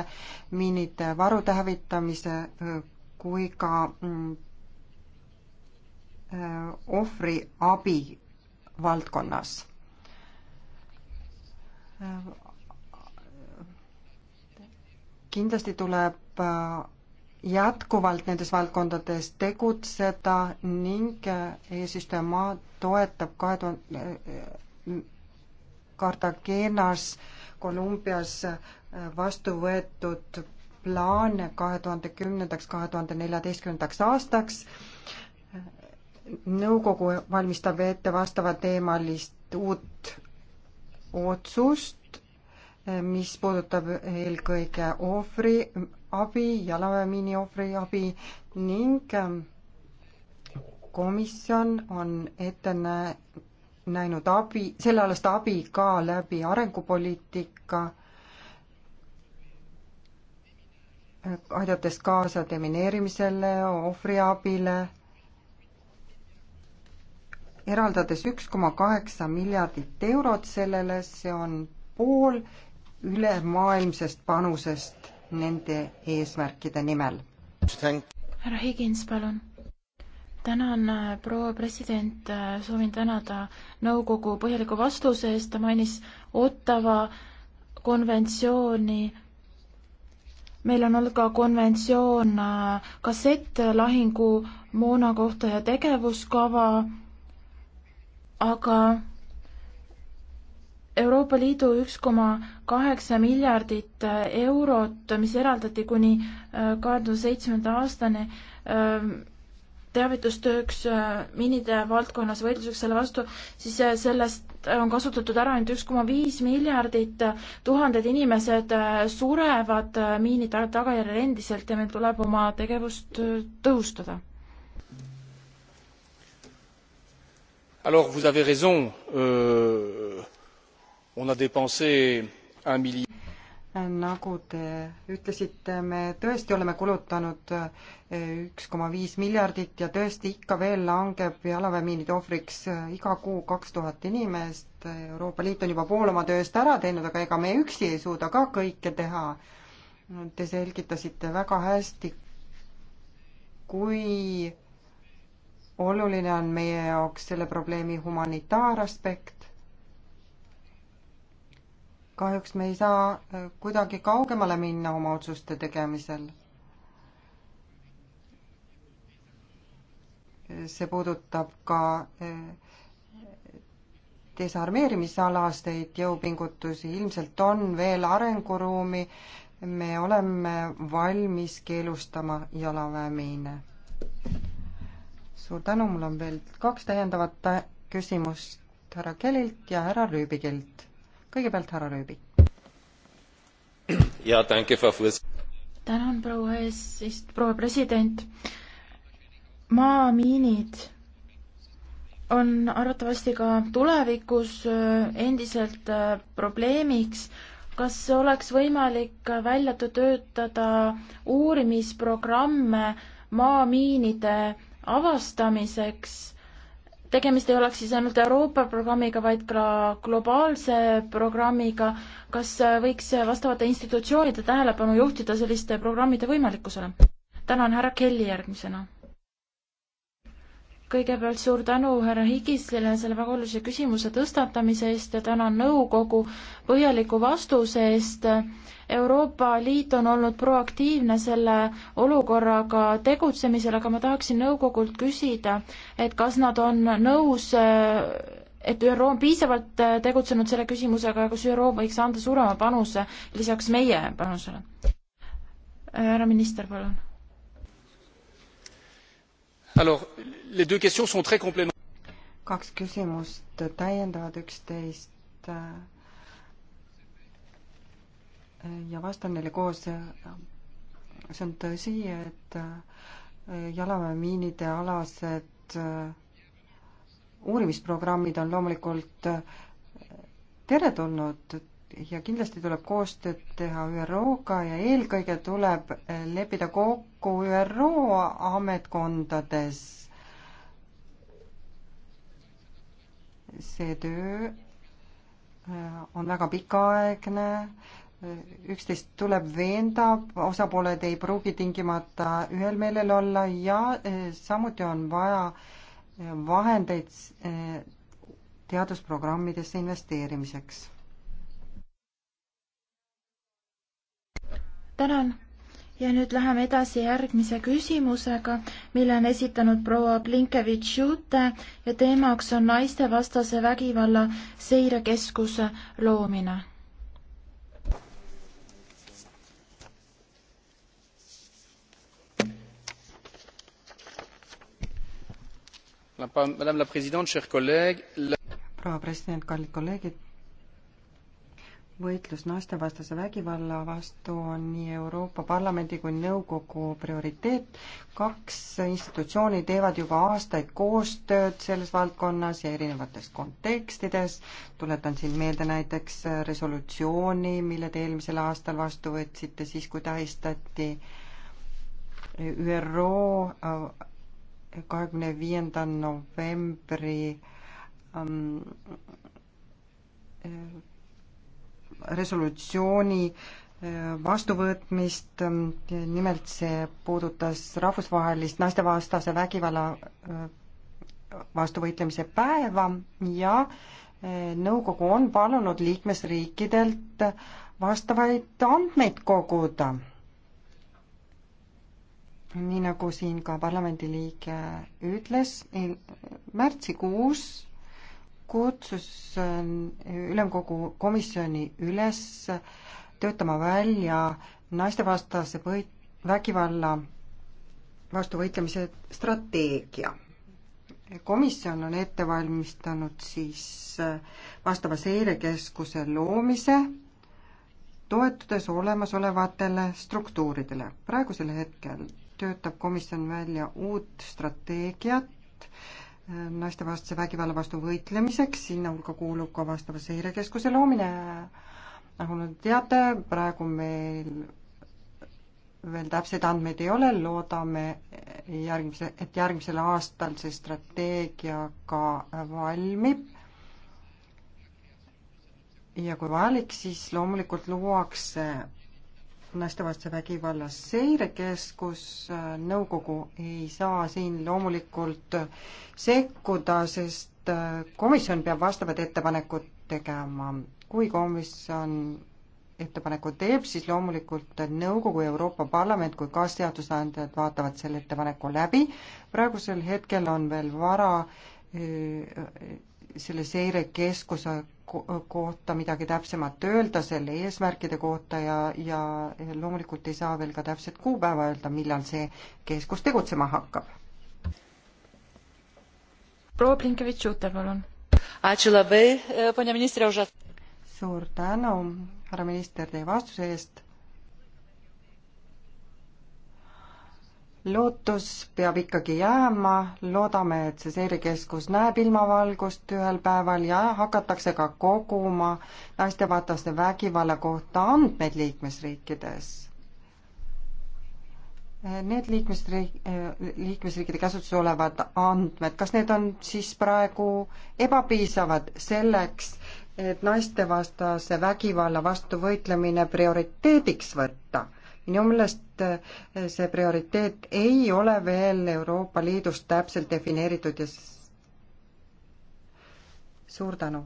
miinide varude hävitamise äh, kui ka mm, äh, ohvriabi valdkonnas kindlasti tuleb äh, jätkuvalt nendes valdkondades tegutseda ning äh, eesistuja maa toetab kahe tuhande äh, Cartagenas Kolumbias vastu võetud plaane kahe tuhande kümnendaks, kahe tuhande neljateistkümnendaks aastaks. nõukogu valmistab ette vastavateemalist uut otsust, mis puudutab eelkõige ohvriabi, jalaväemiini ohvriabi ning ähm, komisjon on ette nä-, näinud abi, sellealast abi ka läbi arengupoliitika aidates kaasa demineerimisele, ohvriabile eraldades üks koma kaheksa miljardit eurot sellele, see on pool ülemaailmsest panusest nende eesmärkide nimel. härra Higins, palun. tänan, äh, proua president, äh, soovin tänada nõukogu põhjaliku vastuse eest, ta mainis Ottawa konventsiooni meil on olnud ka konventsioon äh, kassettlahingu moona kohta ja tegevuskava aga Euroopa Liidu üks koma kaheksa miljardit äh, eurot, mis eraldati kuni äh, kahe tuhande seitsmenda aastani ähm, teavitustööks äh, miinide valdkonnas võitluseks selle vastu, siis sellest on kasutatud ära ainult üks koma viis miljardit, tuhanded inimesed surevad miinide tagajärjel endiselt ja meil tuleb oma tegevust tõhustada vous avez raison euh, on a dépensé un milliard nagu te ütlesite, me tõesti oleme kulutanud eh, üks koma viis miljardit ja tõesti ikka veel langeb jalaväemiinide ohvriks eh, iga kuu kaks tuhat inimest. Euroopa Liit on juba pool oma tööst ära teinud, aga ega me üksi ei suuda ka kõike teha. Te selgitasite väga hästi, kui oluline on meie jaoks selle probleemi humanitaaraspekt. kahjuks me ei saa äh, kuidagi kaugemale minna oma otsuste tegemisel. see puudutab ka äh, desarmeerimisalaseid jõupingutusi, ilmselt on veel arenguruumi, me oleme valmis keelustama jalaväemiine suur tänu, mul on veel kaks täiendavat küsimust härra Kellilt ja härra Rüübikilt. kõigepealt härra Rüübik. tänan, proua eesist-, proua president. maamiinid on arvatavasti ka tulevikus äh, endiselt äh, probleemiks kas oleks võimalik äh, välja töötada uurimisprogramme maamiinide avastamiseks. tegemist ei oleks siis ainult Euroopa programmiga, vaid ka globaalse programmiga. kas võiks vastavate institutsioonide tähelepanu juhtida selliste programmide võimalikkusele? tänan, härra Kelly järgmisena. kõigepealt suur tänu härra Higislile selle väga olulise küsimuse tõstatamise eest ja tänan nõukogu põhjaliku vastuse eest Euroopa Liit on olnud proaktiivne selle olukorraga tegutsemisel, aga ma tahaksin nõukogult küsida, et kas nad on nõus et ÜRO on piisavalt tegutsenud selle küsimusega, kas ÜRO võiks anda suurema panuse lisaks meie panusele? härra minister, palun. kaks küsimust täiendavad üksteist ja vastan neile koos. see on tõsi, et äh, jalaväemiinide alased äh, uurimisprogrammid on loomulikult äh, teretulnud ja kindlasti tuleb koostööd teha ÜRO-ga ja eelkõige tuleb leppida kokku ÜRO ametkondades. see töö on väga pikaaegne üksteist tuleb veenda, osapooled ei pruugi tingimata ühel meelel olla ja eh, samuti on vaja eh, vahendeid eh, teadusprogrammidesse investeerimiseks. tänan ja nüüd läheme edasi järgmise küsimusega, mille on esitanud proua Blinkevitš-Jute ja teemaks on naistevastase vägivalla seirekeskuse loomine proua president, kallid kolleegid, võitlus naistevastase vägivalla vastu on nii Euroopa Parlamendi kui nõukogu prioriteet. kaks institutsiooni teevad juba aastaid koostööd selles valdkonnas ja erinevates kontekstides. tuletan siin meelde näiteks resolutsiooni, mille te eelmisel aastal vastu võtsite, siis kui tähistati ÜRO äh, kahekümne viienda novembri ähm, äh, resolutsiooni äh, vastuvõtmist, ähm, nimelt see puudutas rahvusvahelist naistevastase vägivalla äh, vastu võitlemise päeva ja nõukogu on palunud liikmesriikidelt vastavaid andmeid koguda nii nagu siin ka parlamendiliige ütles, märtsikuus kutsus ähm, ülemkogu komisjoni üles töötama välja naistevastase või-, vägivalla vastu võitlemise strateegia. komisjon on ette valmistanud siis äh, vastava seirekeskuse loomise, toetudes olemasolevatele struktuuridele. praegusel hetkel töötab komisjon välja uut strateegiat äh, naistevastase vägivalla vastu võitlemiseks, sinna hulka kuulub ka vastava seirekeskuse loomine. nagu te teate, praegu meil veel täpseid andmeid ei ole, loodame järgmise, et järgmisel aastal see strateegia ka valmib. ja kui vajalik, siis loomulikult luuakse naistevastase vägivalla seirekeskus, nõukogu ei saa siin loomulikult sekkuda, sest komisjon peab vastavad ettepanekud tegema. kui komisjon ettepaneku teeb, siis loomulikult Nõukogu ja Euroopa Parlament kui kaasseadusandjad vaatavad selle ettepaneku läbi. praegusel hetkel on veel vara selle seirekeskuse kohta midagi täpsemat öelda, selle eesmärkide kohta ja, ja loomulikult ei saa veel ka täpset kuupäeva öelda, millal see keskus tegutsema hakkab. proua Plinkevitš-Jute, palun. E, suur tänu, härra minister, teie vastuse eest lootus peab ikkagi jääma, loodame, et see seirekeskus näeb ilmavalgust ühel päeval ja hakatakse ka koguma naistevastase vägivalla kohta andmeid liikmesriikides. Need liikmesriik, liikmesriikide käsutuses olevad andmed, kas need on siis praegu ebapiisavad selleks, et naistevastase vägivalla vastu võitlemine prioriteediks võtta? minu meelest eh, see prioriteet ei ole veel Euroopa Liidus täpselt defineeritud ja suur tänu.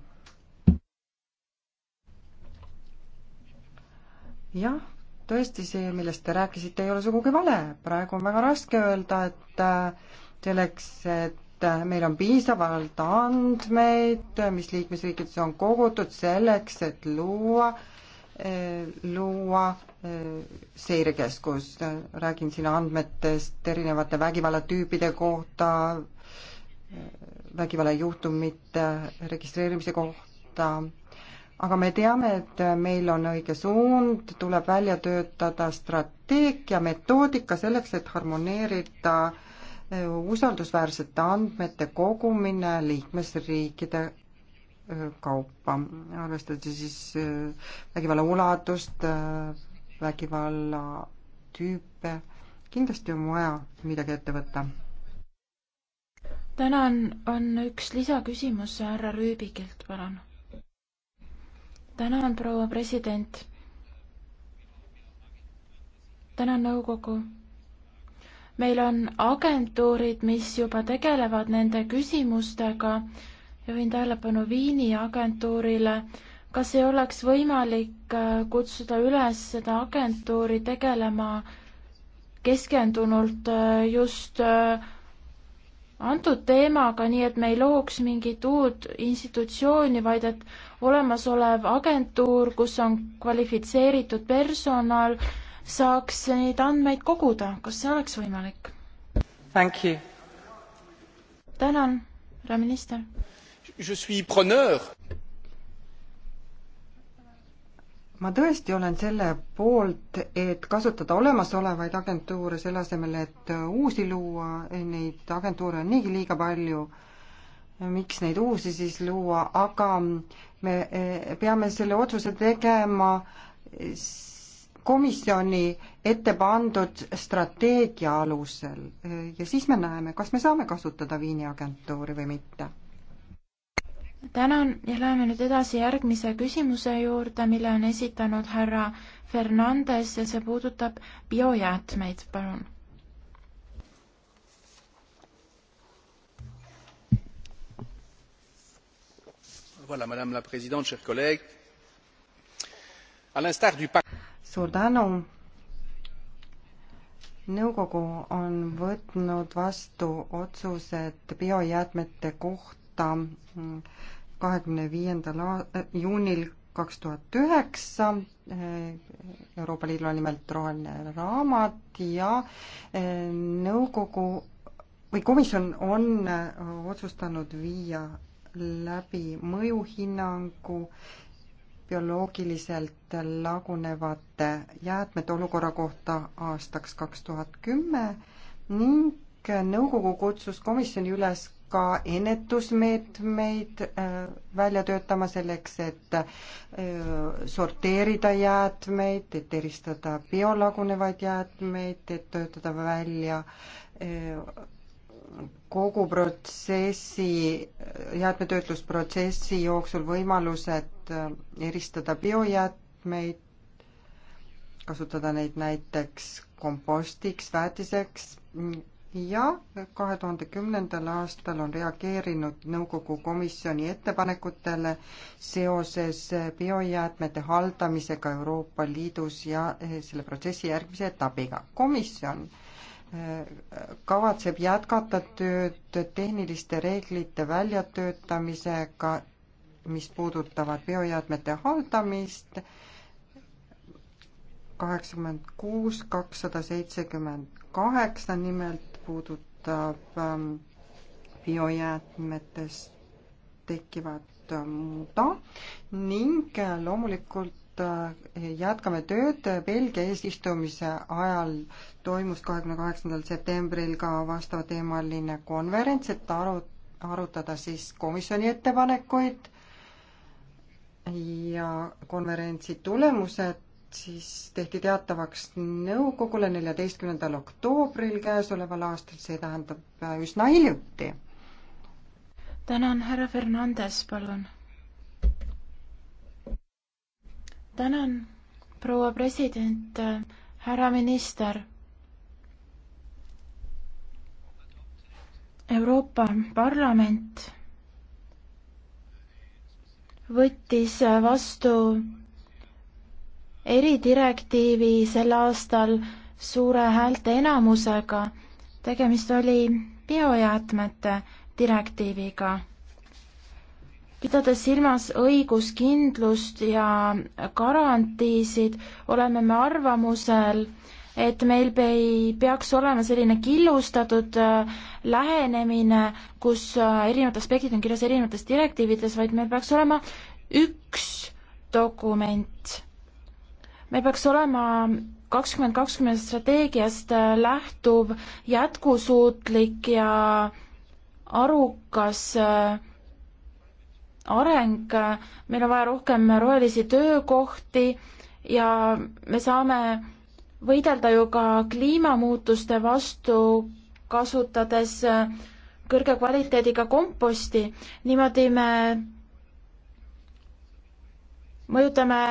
jah, tõesti, see, millest te rääkisite, ei ole sugugi vale. praegu on väga raske öelda, et eh, selleks, et eh, meil on piisavalt andmeid, mis liikmesriikides on kogutud selleks, et luua, luua seirekeskus, räägin siin andmetest erinevate vägivallatüübide kohta, vägivallajuhtumite registreerimise kohta, aga me teame, et meil on õige suund, tuleb välja töötada strateegia, metoodika selleks, et harmoneerida usaldusväärsete andmete kogumine liikmesriikide äh, kaupa, arvestades siis äh, vägivalla ulatust, äh, vägivalla tüüpe. kindlasti on vaja midagi ette võtta. tänan, on üks lisaküsimus härra Rüübikilt, palun. tänan, proua president. tänan, nõukogu. meil on agentuurid, mis juba tegelevad nende küsimustega ja võin tähelepanu Viini agentuurile kas ei oleks võimalik äh, kutsuda üles seda agentuuri tegelema keskendunult äh, just äh, antud teemaga, nii et me ei looks mingit uut institutsiooni, vaid et olemasolev agentuur, kus on kvalifitseeritud personal, saaks neid andmeid koguda, kas see oleks võimalik? tänan, härra minister ma tõesti olen selle poolt, et kasutada olemasolevaid agentuure selle asemel, et uusi luua, neid agentuure on niigi liiga palju, miks neid uusi siis luua, aga me e, peame selle otsuse tegema komisjoni ette pandud strateegia alusel ja siis me näeme, kas me saame kasutada Viini agentuuri või mitte tänan ja läheme nüüd edasi järgmise küsimuse juurde, mille on esitanud härra Fernandes ja see puudutab biojäätmeid, palun. suur tänu nõukogu on võtnud vastu otsused biojäätmete kohta kahekümne viiendal äh, juunil kaks tuhat üheksa. Äh, Euroopa Liidul on nimelt roheline raamat ja äh, nõukogu või komisjon on otsustanud viia läbi mõjuhinnangu bioloogiliselt lagunevate jäätmete olukorra kohta aastaks kaks tuhat kümme ning nõukogu kutsus komisjoni üles ka ennetusmeetmeid äh, välja töötama selleks, et äh, sorteerida jäätmeid, et eristada biolagunevaid jäätmeid, et töötada välja äh, kogu protsessi, jäätmetöötlusprotsessi jooksul võimalused eristada biojäätmeid, kasutada neid näiteks kompostiks, väetiseks ja kahe tuhande kümnendal aastal on reageerinud nõukogu komisjoni ettepanekutele seoses biojäätmete haldamisega Euroopa Liidus ja eh, selle protsessi järgmise etapiga. komisjon eh, kavatseb jätkata tööd tehniliste reeglite väljatöötamisega, mis puudutavad biojäätmete haldamist kaheksakümmend kuus, kakssada seitsekümmend kaheksa nimelt puudutab ähm, biojäätmetest tekkivat ähm, muda ning äh, loomulikult äh, jätkame tööd Belgia eesistumise ajal toimus kahekümne kaheksandal septembril ka vastavateemaline konverents, et aru, arutada siis komisjoni ettepanekuid ja konverentsi tulemused siis tehti teatavaks nõukogule neljateistkümnendal oktoobril käesoleval aastal, see tähendab äh, üsna hiljuti. tänan, härra Fernandes, palun. tänan, proua president, äh, härra minister. Euroopa Parlament võttis äh, vastu eridirektiivi sel aastal suure häälteenamusega. tegemist oli biojäätmete direktiiviga. pidades silmas õiguskindlust ja garantiisid, oleme me arvamusel, et meil ei peaks olema selline killustatud äh, lähenemine, kus äh, erinevad aspektid on kirjas erinevates direktiivides, vaid meil peaks olema üks dokument meil peaks olema kakskümmend kakskümmend strateegiast äh, lähtuv jätkusuutlik ja arukas äh, areng, meil on vaja rohkem rohelisi töökohti ja me saame võidelda ju ka kliimamuutuste vastu, kasutades äh, kõrge kvaliteediga komposti, niimoodi me mõjutame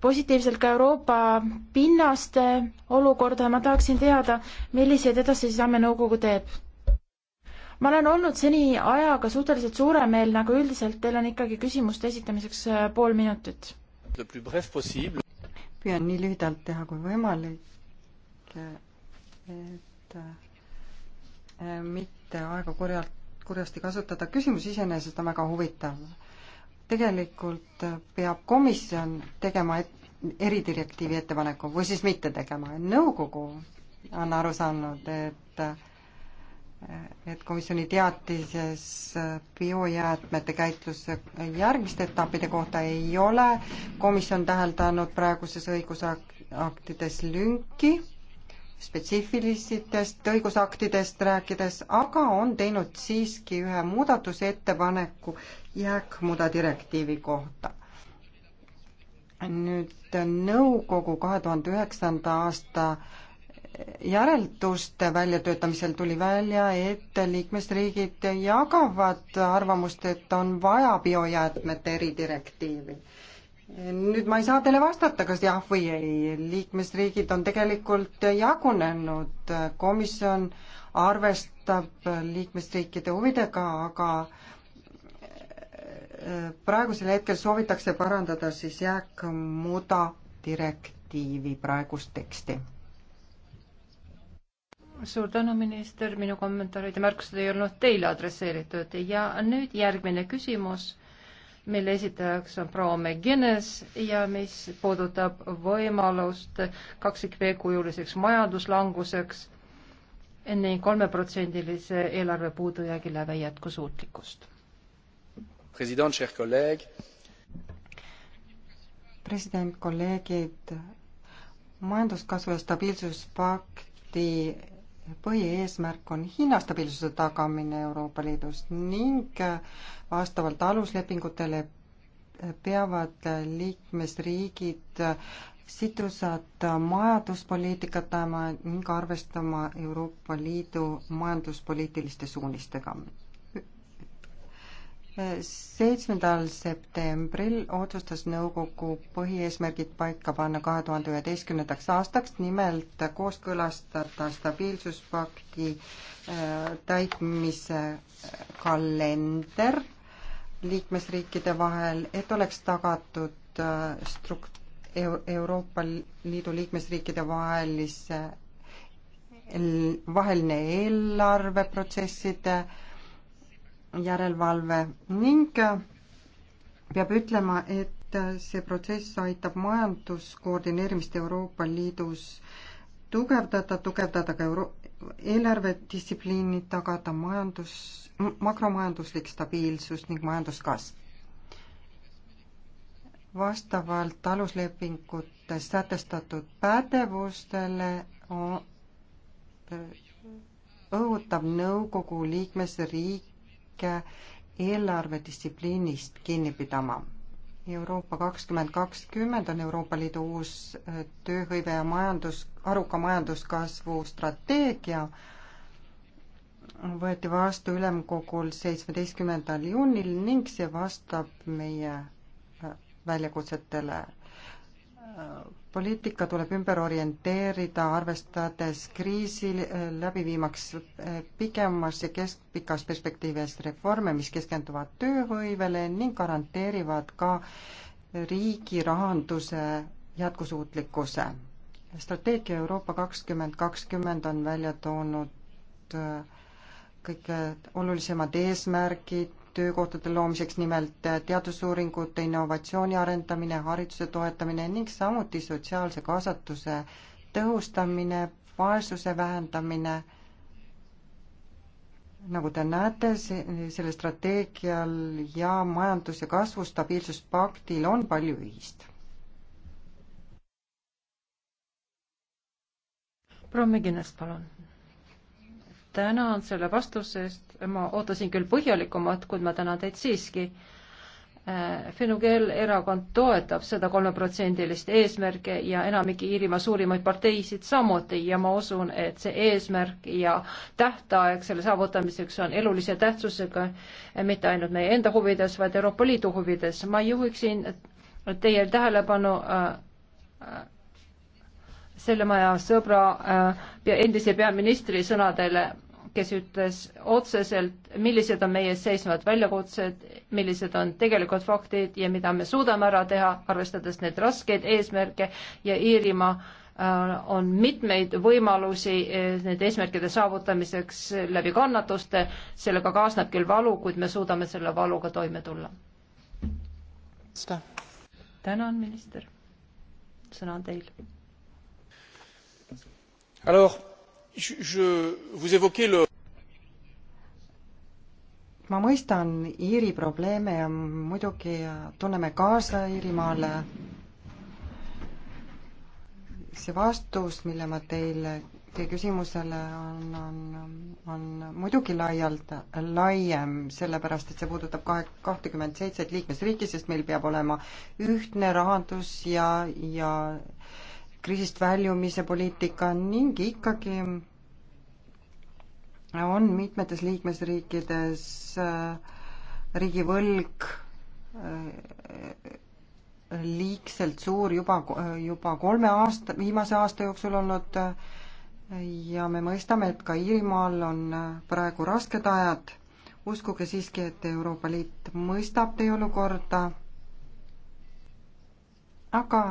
positiivselt ka Euroopa pinnaste olukorda ja ma tahaksin teada, milliseid edasisi samme nõukogu teeb? ma olen olnud seni ajaga suhteliselt suuremeelne, aga üldiselt teil on ikkagi küsimuste esitamiseks äh, pool minutit. püüan nii lühidalt teha kui võimalik, et äh, mitte aega kurjalt, kurjasti kasutada. küsimus iseenesest on väga huvitav tegelikult peab komisjon tegema et, eridirektiivi ettepaneku või siis mitte tegema. nõukogu on aru saanud, et et komisjoni teatises biojäätmete käitluse järgmiste etappide kohta ei ole komisjon täheldanud praeguses õigusaktides lünki spetsiifilistest õigusaktidest rääkides, aga on teinud siiski ühe muudatusettepaneku jääkmuda direktiivi kohta. nüüd nõukogu kahe tuhande üheksanda aasta järelduste väljatöötamisel tuli välja, et liikmesriigid jagavad arvamust, et on vaja biojäätmete eridirektiivi. nüüd ma ei saa teile vastata, kas jah või ei, liikmesriigid on tegelikult jagunenud, komisjon arvestab liikmesriikide huvidega, aga praegusel hetkel soovitakse parandada siis jääkmuda direktiivi praegust teksti. suur tänu, minister, minu kommentaarid ja märkused ei olnud teile adresseeritud ja nüüd järgmine küsimus, mille esitajaks on proua McGuinness ja mis puudutab võimalust kaksikv kujuliseks majanduslanguseks ning kolmeprotsendilise eelarve puudujäägi läbi jätkusuutlikkust president, chers kolleeg. president, kolleegid, majanduskasvu ja stabiilsuspakti põhieesmärk on Hiina stabiilsuse tagamine Euroopa Liidus ning vastavalt aluslepingutele peavad liikmesriigid sidusat majanduspoliitikat ajama ning arvestama Euroopa Liidu majanduspoliitiliste suunistega seitsmendal septembril otsustas nõukogu põhieesmärgid paika panna kahe tuhande üheteistkümnendaks aastaks, nimelt kooskõlastada stabiilsuspakti äh, täitmise kalender liikmesriikide vahel, et oleks tagatud äh, struk-, Euroopa Liidu liikmesriikide vahelise, vaheline eelarveprotsesside äh, järelevalve ning peab ütlema, et see protsess aitab majanduskoordineerimist Euroopa Liidus tugevdada, tugevdada ka euro-, eelarvedistsipliini, tagada majandus, makromajanduslik stabiilsus ning majanduskasv. vastavalt aluslepingutes sätestatud pädevustele õhutab nõukogu liikmesriik kõike eelarvedistsipliinist kinni pidama. Euroopa kakskümmend kakskümmend on Euroopa Liidu uus äh, tööhõive ja majandus, aruka majanduskasvu strateegia, võeti vastu ülemkogul seitsmeteistkümnendal juunil ning see vastab meie äh, väljakutsetele äh, poliitika tuleb ümber orienteerida, arvestades kriisi läbi viimaks eh, pikemas ja keskpikas perspektiivis reforme, mis keskenduvad tööhõivele ning garanteerivad ka riigi rahanduse jätkusuutlikkuse. strateegia Euroopa kakskümmend kakskümmend on välja toonud eh, kõige olulisemad eesmärgid, töökohtade loomiseks, nimelt äh, teadusuuringute, innovatsiooni arendamine, hariduse toetamine ning samuti sotsiaalse kaasatuse tõhustamine, vaesuse vähendamine. nagu te näete, sellel strateegial ja majanduse kasvu stabiilsuspaktil on palju ühist. proua Meginas, palun tänan selle vastuse eest, ma ootasin küll põhjalikumat, kuid ma tänan teid siiski. Äh, Finugel erakond toetab seda kolmeprotsendilist eesmärki ja enamik Iirimaa suurimaid parteisid samuti ja ma usun, et see eesmärk ja tähtaeg selle saavutamiseks on elulise tähtsusega äh, mitte ainult meie enda huvides, vaid Euroopa Liidu huvides. ma juhiksin teie tähelepanu äh, äh selle maja sõbra äh, endise peaministri sõnadele kes ütles otseselt, millised on meie seisvad väljakutsed, millised on tegelikud faktid ja mida me suudame ära teha, arvestades neid raskeid eesmärke ja Iirimaa äh, on mitmeid võimalusi äh, nende eesmärkide saavutamiseks läbi kannatuste, sellega kaasneb küll valu, kuid me suudame selle valuga toime tulla. tänan, minister. sõna on teil. Alors, Je, vous évoquez le ma mõistan Iiri probleeme ja muidugi tunneme kaasa Iirimaale. see vastus, mille ma teile, teie küsimusele on, on, on muidugi laialt, laiem, sellepärast et see puudutab kahe, kahtekümmet seitset liikmesriiki, sest meil peab olema ühtne rahandus ja, ja äh, kriisist väljumise poliitika ning ikkagi on mitmetes liikmesriikides äh, riigivõlg äh, liigselt suur juba, juba kolme aasta, viimase aasta jooksul olnud äh, ja me mõistame, et ka Iirimaal on praegu rasked ajad. uskuge siiski, et Euroopa Liit mõistab teie olukorda. aga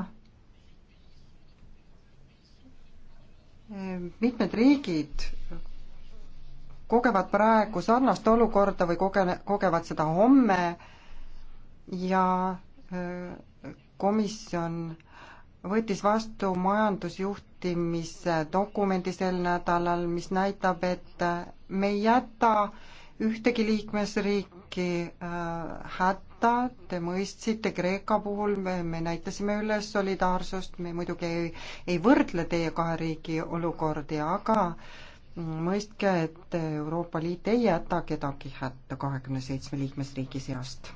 mitmed riigid kogevad praegu sarnast olukorda või koge-, kogevad seda homme ja äh, komisjon võttis vastu majandusjuhtimise dokumendi sel nädalal, mis näitab, et me ei jäta ühtegi liikmesriiki äh, hätta, te mõistsite Kreeka puhul, me, me näitasime üles solidaarsust, me muidugi ei, ei võrdle teie kahe riigi olukordi, aga mõistke, et Euroopa Liit ei jäta kedagi hätta kahekümne seitsme liikmesriigi seast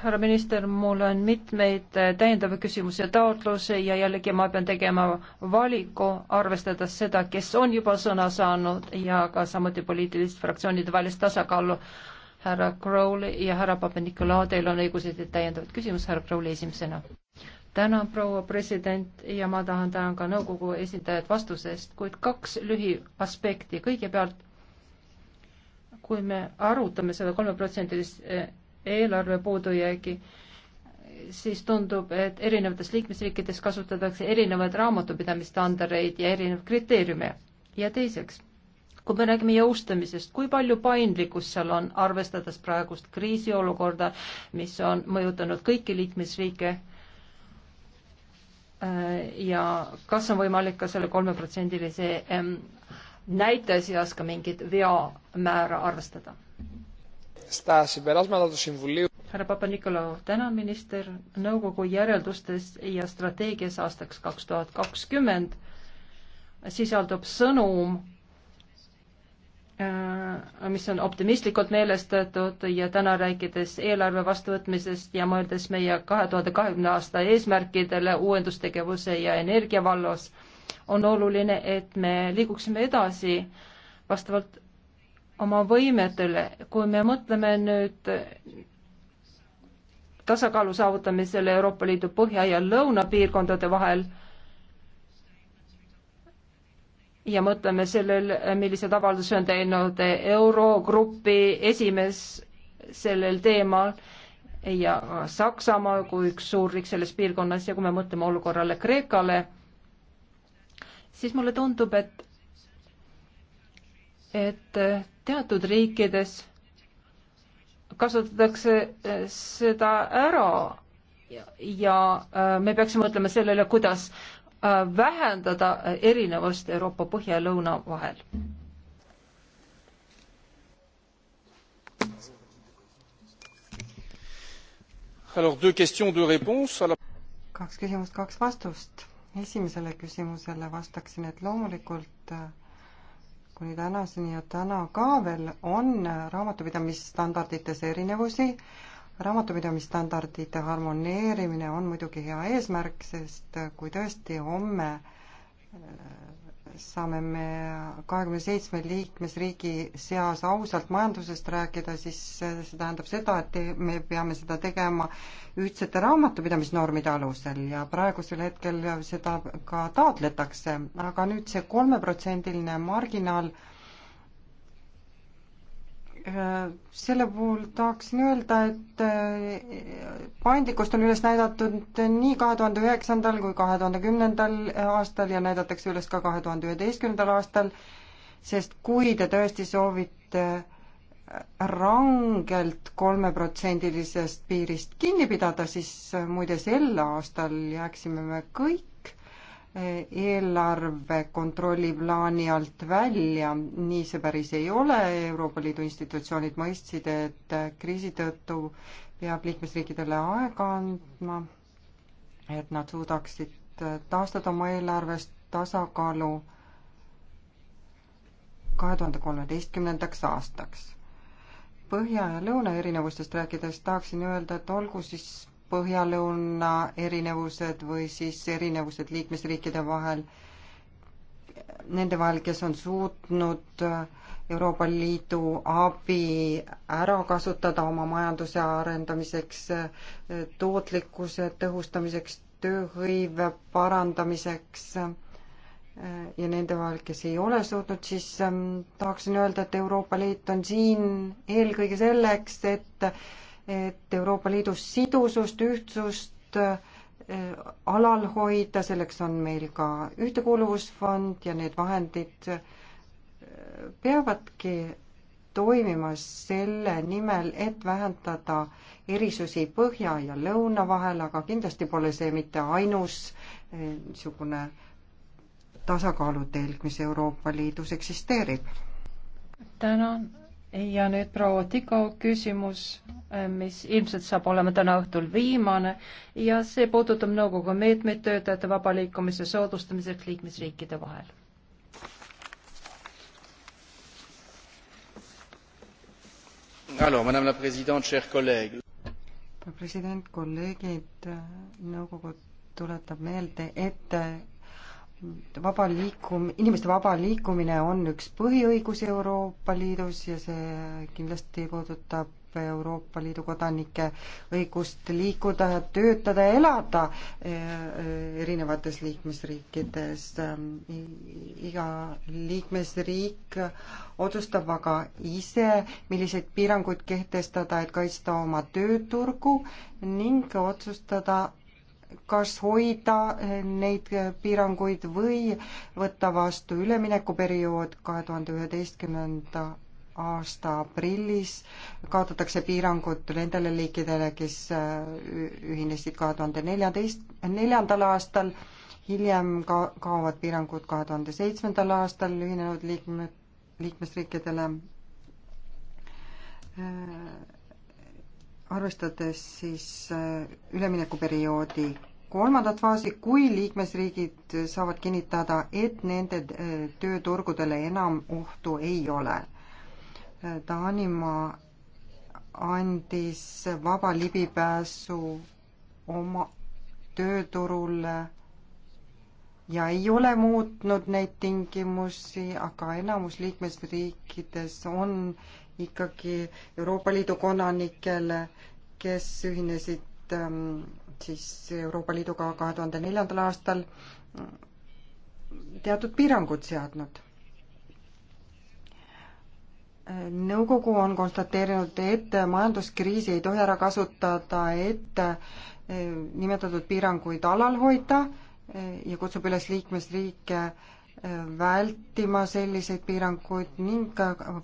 härra minister, mul on mitmeid äh, täiendavaid küsimusi ja taotlusi ja jällegi ma pean tegema valiku, arvestades seda, kes on juba sõna saanud ja ka samuti poliitilist fraktsioonide välist tasakaalu. härra Crowley ja härra Papa-Nikolau, teil on õigus esitada täiendavad küsimused, härra Crowley esimesena. tänan, proua president, ja ma tahan tänan ka nõukogu esindajat vastuse eest, kuid kaks lühiaspekti, kõigepealt kui me arutame seda kolmeprotsendilist äh, eelarve puudujäägi, siis tundub, et erinevates liikmesriikides kasutatakse erinevaid raamatupidamisstandardeid ja erinevaid kriteeriume. ja teiseks, kui me räägime jõustamisest, kui palju paindlikkust seal on, arvestades praegust kriisiolukorda, mis on mõjutanud kõiki liikmesriike äh, ja kas on võimalik ka selle kolmeprotsendilise ähm, näitaja seas ka mingit veamäära arvestada? στα συμπεράσματα του Συμβουλίου. härra Papa-Nikolau, täna minister nõukogu järeldustes ja strateegias aastaks kaks tuhat kakskümmend sisaldub sõnum, äh, mis on optimistlikult meelestatud ja täna rääkides eelarve vastuvõtmisest ja mõeldes meie kahe tuhande kahekümne aasta eesmärkidele uuendustegevuse ja energia vallas, on oluline, et me liiguksime edasi vastavalt oma võimetele, kui me mõtleme nüüd tasakaalu saavutamisele Euroopa Liidu põhja- ja lõunapiirkondade vahel ja mõtleme sellel, millised avaldused on teinud Eurogrupi esimees sellel teemal ja Saksamaa kui üks suurriik selles piirkonnas ja kui me mõtleme olukorrale Kreekale, siis mulle tundub, et et teatud riikides kasutatakse äh, seda ära ja äh, me peaksime mõtlema sellele, kuidas äh, vähendada erinevust Euroopa põhja ja lõuna vahel. kaks küsimust, kaks vastust. esimesele küsimusele vastaksin, et loomulikult äh, kuni tänaseni ja täna ka veel on raamatupidamisstandardites erinevusi. raamatupidamisstandardite harmoneerimine on muidugi hea eesmärk, sest kui tõesti homme saame me kahekümne seitsme liikmesriigi seas ausalt majandusest rääkida, siis see tähendab seda, et me peame seda tegema ühtsete raamatupidamisnormide alusel ja praegusel hetkel seda ka taotletakse, aga nüüd see kolmeprotsendiline marginaal Äh, selle puhul tahaksin öelda, et äh, paindlikkust on üles näidatud nii kahe tuhande üheksandal kui kahe tuhande kümnendal aastal ja näidatakse üles ka kahe tuhande üheteistkümnendal aastal, sest kui te tõesti soovite äh, rangelt kolmeprotsendilisest piirist kinni pidada, siis muide sel aastal jääksime me kõik eelarve kontrolli plaani alt välja, nii see päris ei ole, Euroopa Liidu institutsioonid mõistsid, et kriisi tõttu peab liikmesriikidele aega andma, et nad suudaksid taastada oma eelarvest tasakaalu kahe tuhande kolmeteistkümnendaks aastaks. Põhja ja Lõuna erinevustest rääkides tahaksin öelda, et olgu siis põhja-lõuna erinevused või siis erinevused liikmesriikide vahel, nende vahel, kes on suutnud Euroopa Liidu abi ära kasutada oma majanduse arendamiseks, tootlikkuse tõhustamiseks, tööhõive parandamiseks ja nende vahel, kes ei ole suutnud, siis ähm, tahaksin öelda, et Euroopa Liit on siin eelkõige selleks, et et Euroopa Liidus sidusust, ühtsust äh, alal hoida, selleks on meil ka ühtekuuluvusfond ja need vahendid äh, peavadki toimima selle nimel, et vähendada erisusi põhja ja lõuna vahel, aga kindlasti pole see mitte ainus äh, niisugune tasakaalutelg, mis Euroopa Liidus eksisteerib. tänan ja nüüd proua Tiko küsimus, äh, mis ilmselt saab olema täna õhtul viimane ja see puudutab nõukogu meetmeid töötajate vaba liikumise soodustamiseks liikmesriikide vahel. president, kolleegid, nõukogu tuletab meelde, et vaba liikum-, inimeste vaba liikumine on üks põhiõigusi Euroopa Liidus ja see kindlasti puudutab Euroopa Liidu kodanike õigust liikuda, töötada ja elada eh, erinevates liikmesriikides. iga liikmesriik otsustab aga ise, milliseid piiranguid kehtestada, et kaitsta oma tööturgu ning otsustada kas hoida eh, neid eh, piiranguid või võtta vastu üleminekuperiood kahe tuhande üheteistkümnenda aasta aprillis kaotatakse piirangud nendele liikidele, kes eh, ühinesid kahe tuhande neljateist, neljandal aastal, hiljem ka-, kaovad piirangud kahe tuhande seitsmendal aastal ühinenud liikme, liikmesriikidele arvestades siis äh, üleminekuperioodi kolmandat faasi, kui liikmesriigid saavad kinnitada, et nende äh, tööturgudele enam ohtu ei ole. Äh, Taanimaa andis vaba libipääsu oma tööturule ja ei ole muutnud neid tingimusi, aga enamus liikmesriikides on ikkagi Euroopa Liidu kodanikele, kes ühinesid ähm, siis Euroopa Liiduga kahe tuhande neljandal aastal, teatud piirangud seadnud. nõukogu on konstateerinud, et majanduskriisi ei tohi ära kasutada, et äh, nimetatud piiranguid alal hoida äh, ja kutsub üles liikmesriike äh, vältima selliseid piiranguid ning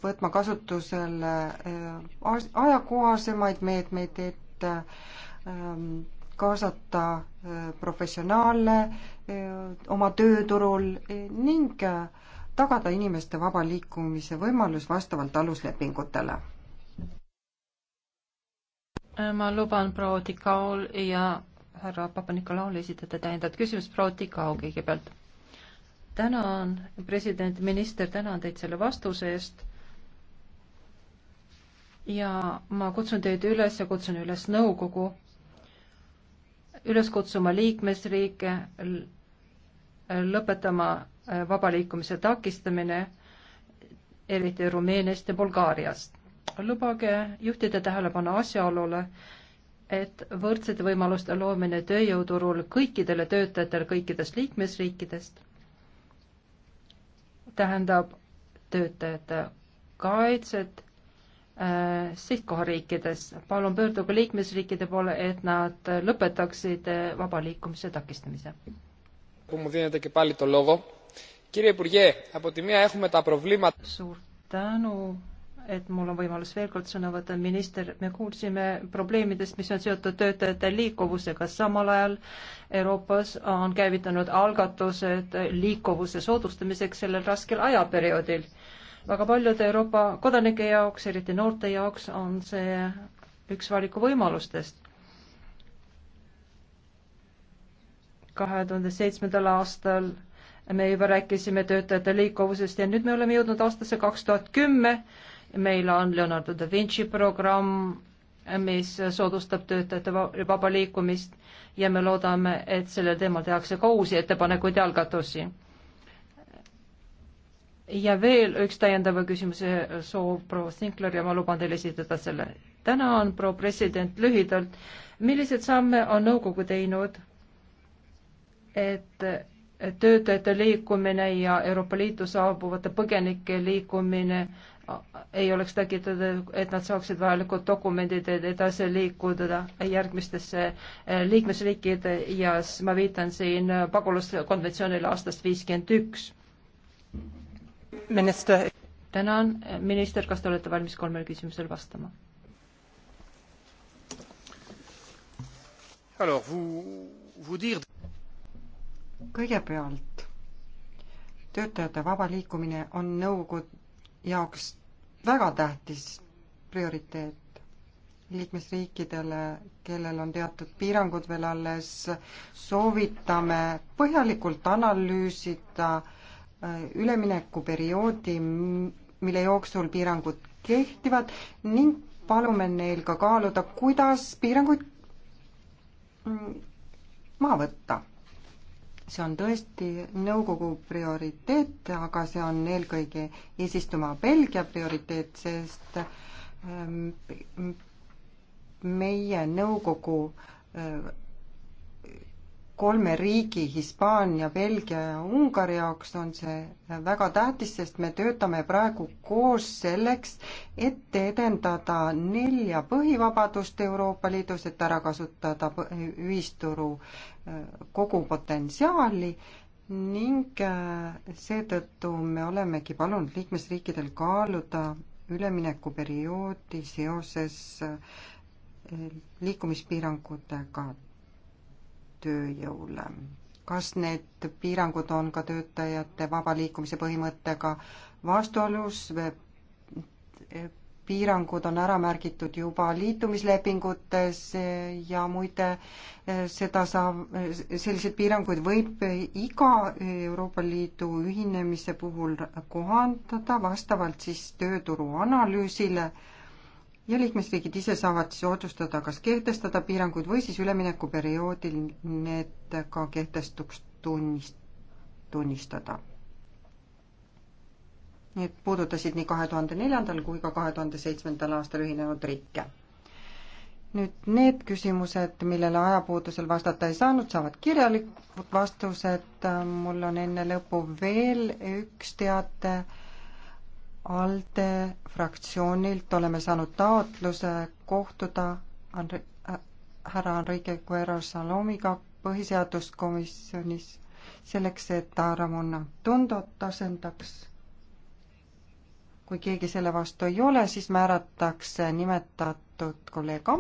võtma kasutusele äh, ajakohasemaid meetmeid, et ähm, kaasata äh, professionaale äh, oma tööturul ning tagada inimeste vaba liikumise võimalus vastavalt aluslepingutele. ma luban proua Tikaol ja härra Papa-Nikolaol esitada täiendavat küsimust proua Tikao kõigepealt tänan, president, minister, tänan teid selle vastuse eest. ja ma kutsun teid üles ja kutsun üles nõukogu üles kutsuma liikmesriike lõpetama äh, vaba liikumise takistamine, eriti Rumeeniast ja Bulgaariast. lubage juhtida tähelepanu asjaolule, et võrdsete võimaluste loomine tööjõuturul kõikidele töötajatele kõikidest liikmesriikidest tähendab töötajate kaitset äh, sihtkohariikides. palun pöörduge liikmesriikide poole, et nad lõpetaksid äh, vaba liikumise takistamise. suur tänu et mul on võimalus veel kord sõna võtta. minister, me kuulsime probleemidest, mis on seotud töötajate liikuvusega. samal ajal Euroopas on käivitanud algatused liikuvuse soodustamiseks sellel raskel ajaperioodil. väga paljude Euroopa kodanike jaoks, eriti noorte jaoks, on see üks valikuvõimalustest. kahe tuhande seitsmendal aastal me juba rääkisime töötajate liikuvusest ja nüüd me oleme jõudnud aastasse kaks tuhat kümme meil on Leonardo da Vinci programm, mis soodustab töötajate vaba liikumist ja me loodame, et sellel teemal tehakse ka uusi ettepanekuid ja algatusi. ja veel üks täiendava küsimuse soov, proua Sinkler, ja ma luban teile esitada selle. täna on proua president lühidalt, milliseid samme on nõukogu teinud, et töötajate liikumine ja Euroopa Liitu saabuvate põgenike liikumine ei oleks tekitatud, et nad saaksid vajalikud dokumendid edasi liikuda järgmistesse eh, liikmesriikide ja siis ma viitan siin pagulaskonventsioonile aastast viiskümmend üks. minister. tänan, minister, kas te olete valmis kolmele küsimusele vastama? kõigepealt, töötajate vaba liikumine on nõukogude jaoks väga tähtis prioriteet liikmesriikidele, kellel on teatud piirangud veel alles, soovitame põhjalikult analüüsida äh, üleminekuperioodi, mille jooksul piirangud kehtivad ning palume neil ka kaaluda, kuidas piiranguid mm, maha võtta see on tõesti nõukogu prioriteet, aga see on eelkõige eesistuma Belgia prioriteet, sest ähm, meie nõukogu äh, kolme riigi, Hispaania, Belgia ja Ungari jaoks on see väga tähtis, sest me töötame praegu koos selleks, et edendada nelja põhivabadust Euroopa Liidus, et ära kasutada ühisturu äh, kogu potentsiaali ning äh, seetõttu me olemegi palunud liikmesriikidel kaaluda üleminekuperioodi seoses äh, liikumispiirangutega tööjõule. kas need piirangud on ka töötajate vaba liikumise põhimõttega vastuolus? piirangud on ära märgitud juba liitumislepingutes ja muide, seda saab, selliseid piiranguid võib iga Euroopa Liidu ühinemise puhul kohandada vastavalt siis tööturu analüüsile ja liikmesriigid ise saavad siis otsustada, kas kehtestada piiranguid või siis üleminekuperioodil need ka kehtestuks tunnist-, tunnistada. Need puudutasid nii kahe tuhande neljandal kui ka kahe tuhande seitsmendal aastal ühinenud riike. nüüd need küsimused, millele ajapuudusel vastata ei saanud, saavad kirjalikud vastused, mul on enne lõppu veel üks teade ALDE fraktsioonilt oleme saanud taotluse kohtuda Andre, äh, härra Enrique Guerra Salomiga põhiseaduskomisjonis selleks, et ta Ramona Tundot asendaks. kui keegi selle vastu ei ole, siis määratakse nimetatud kolleeg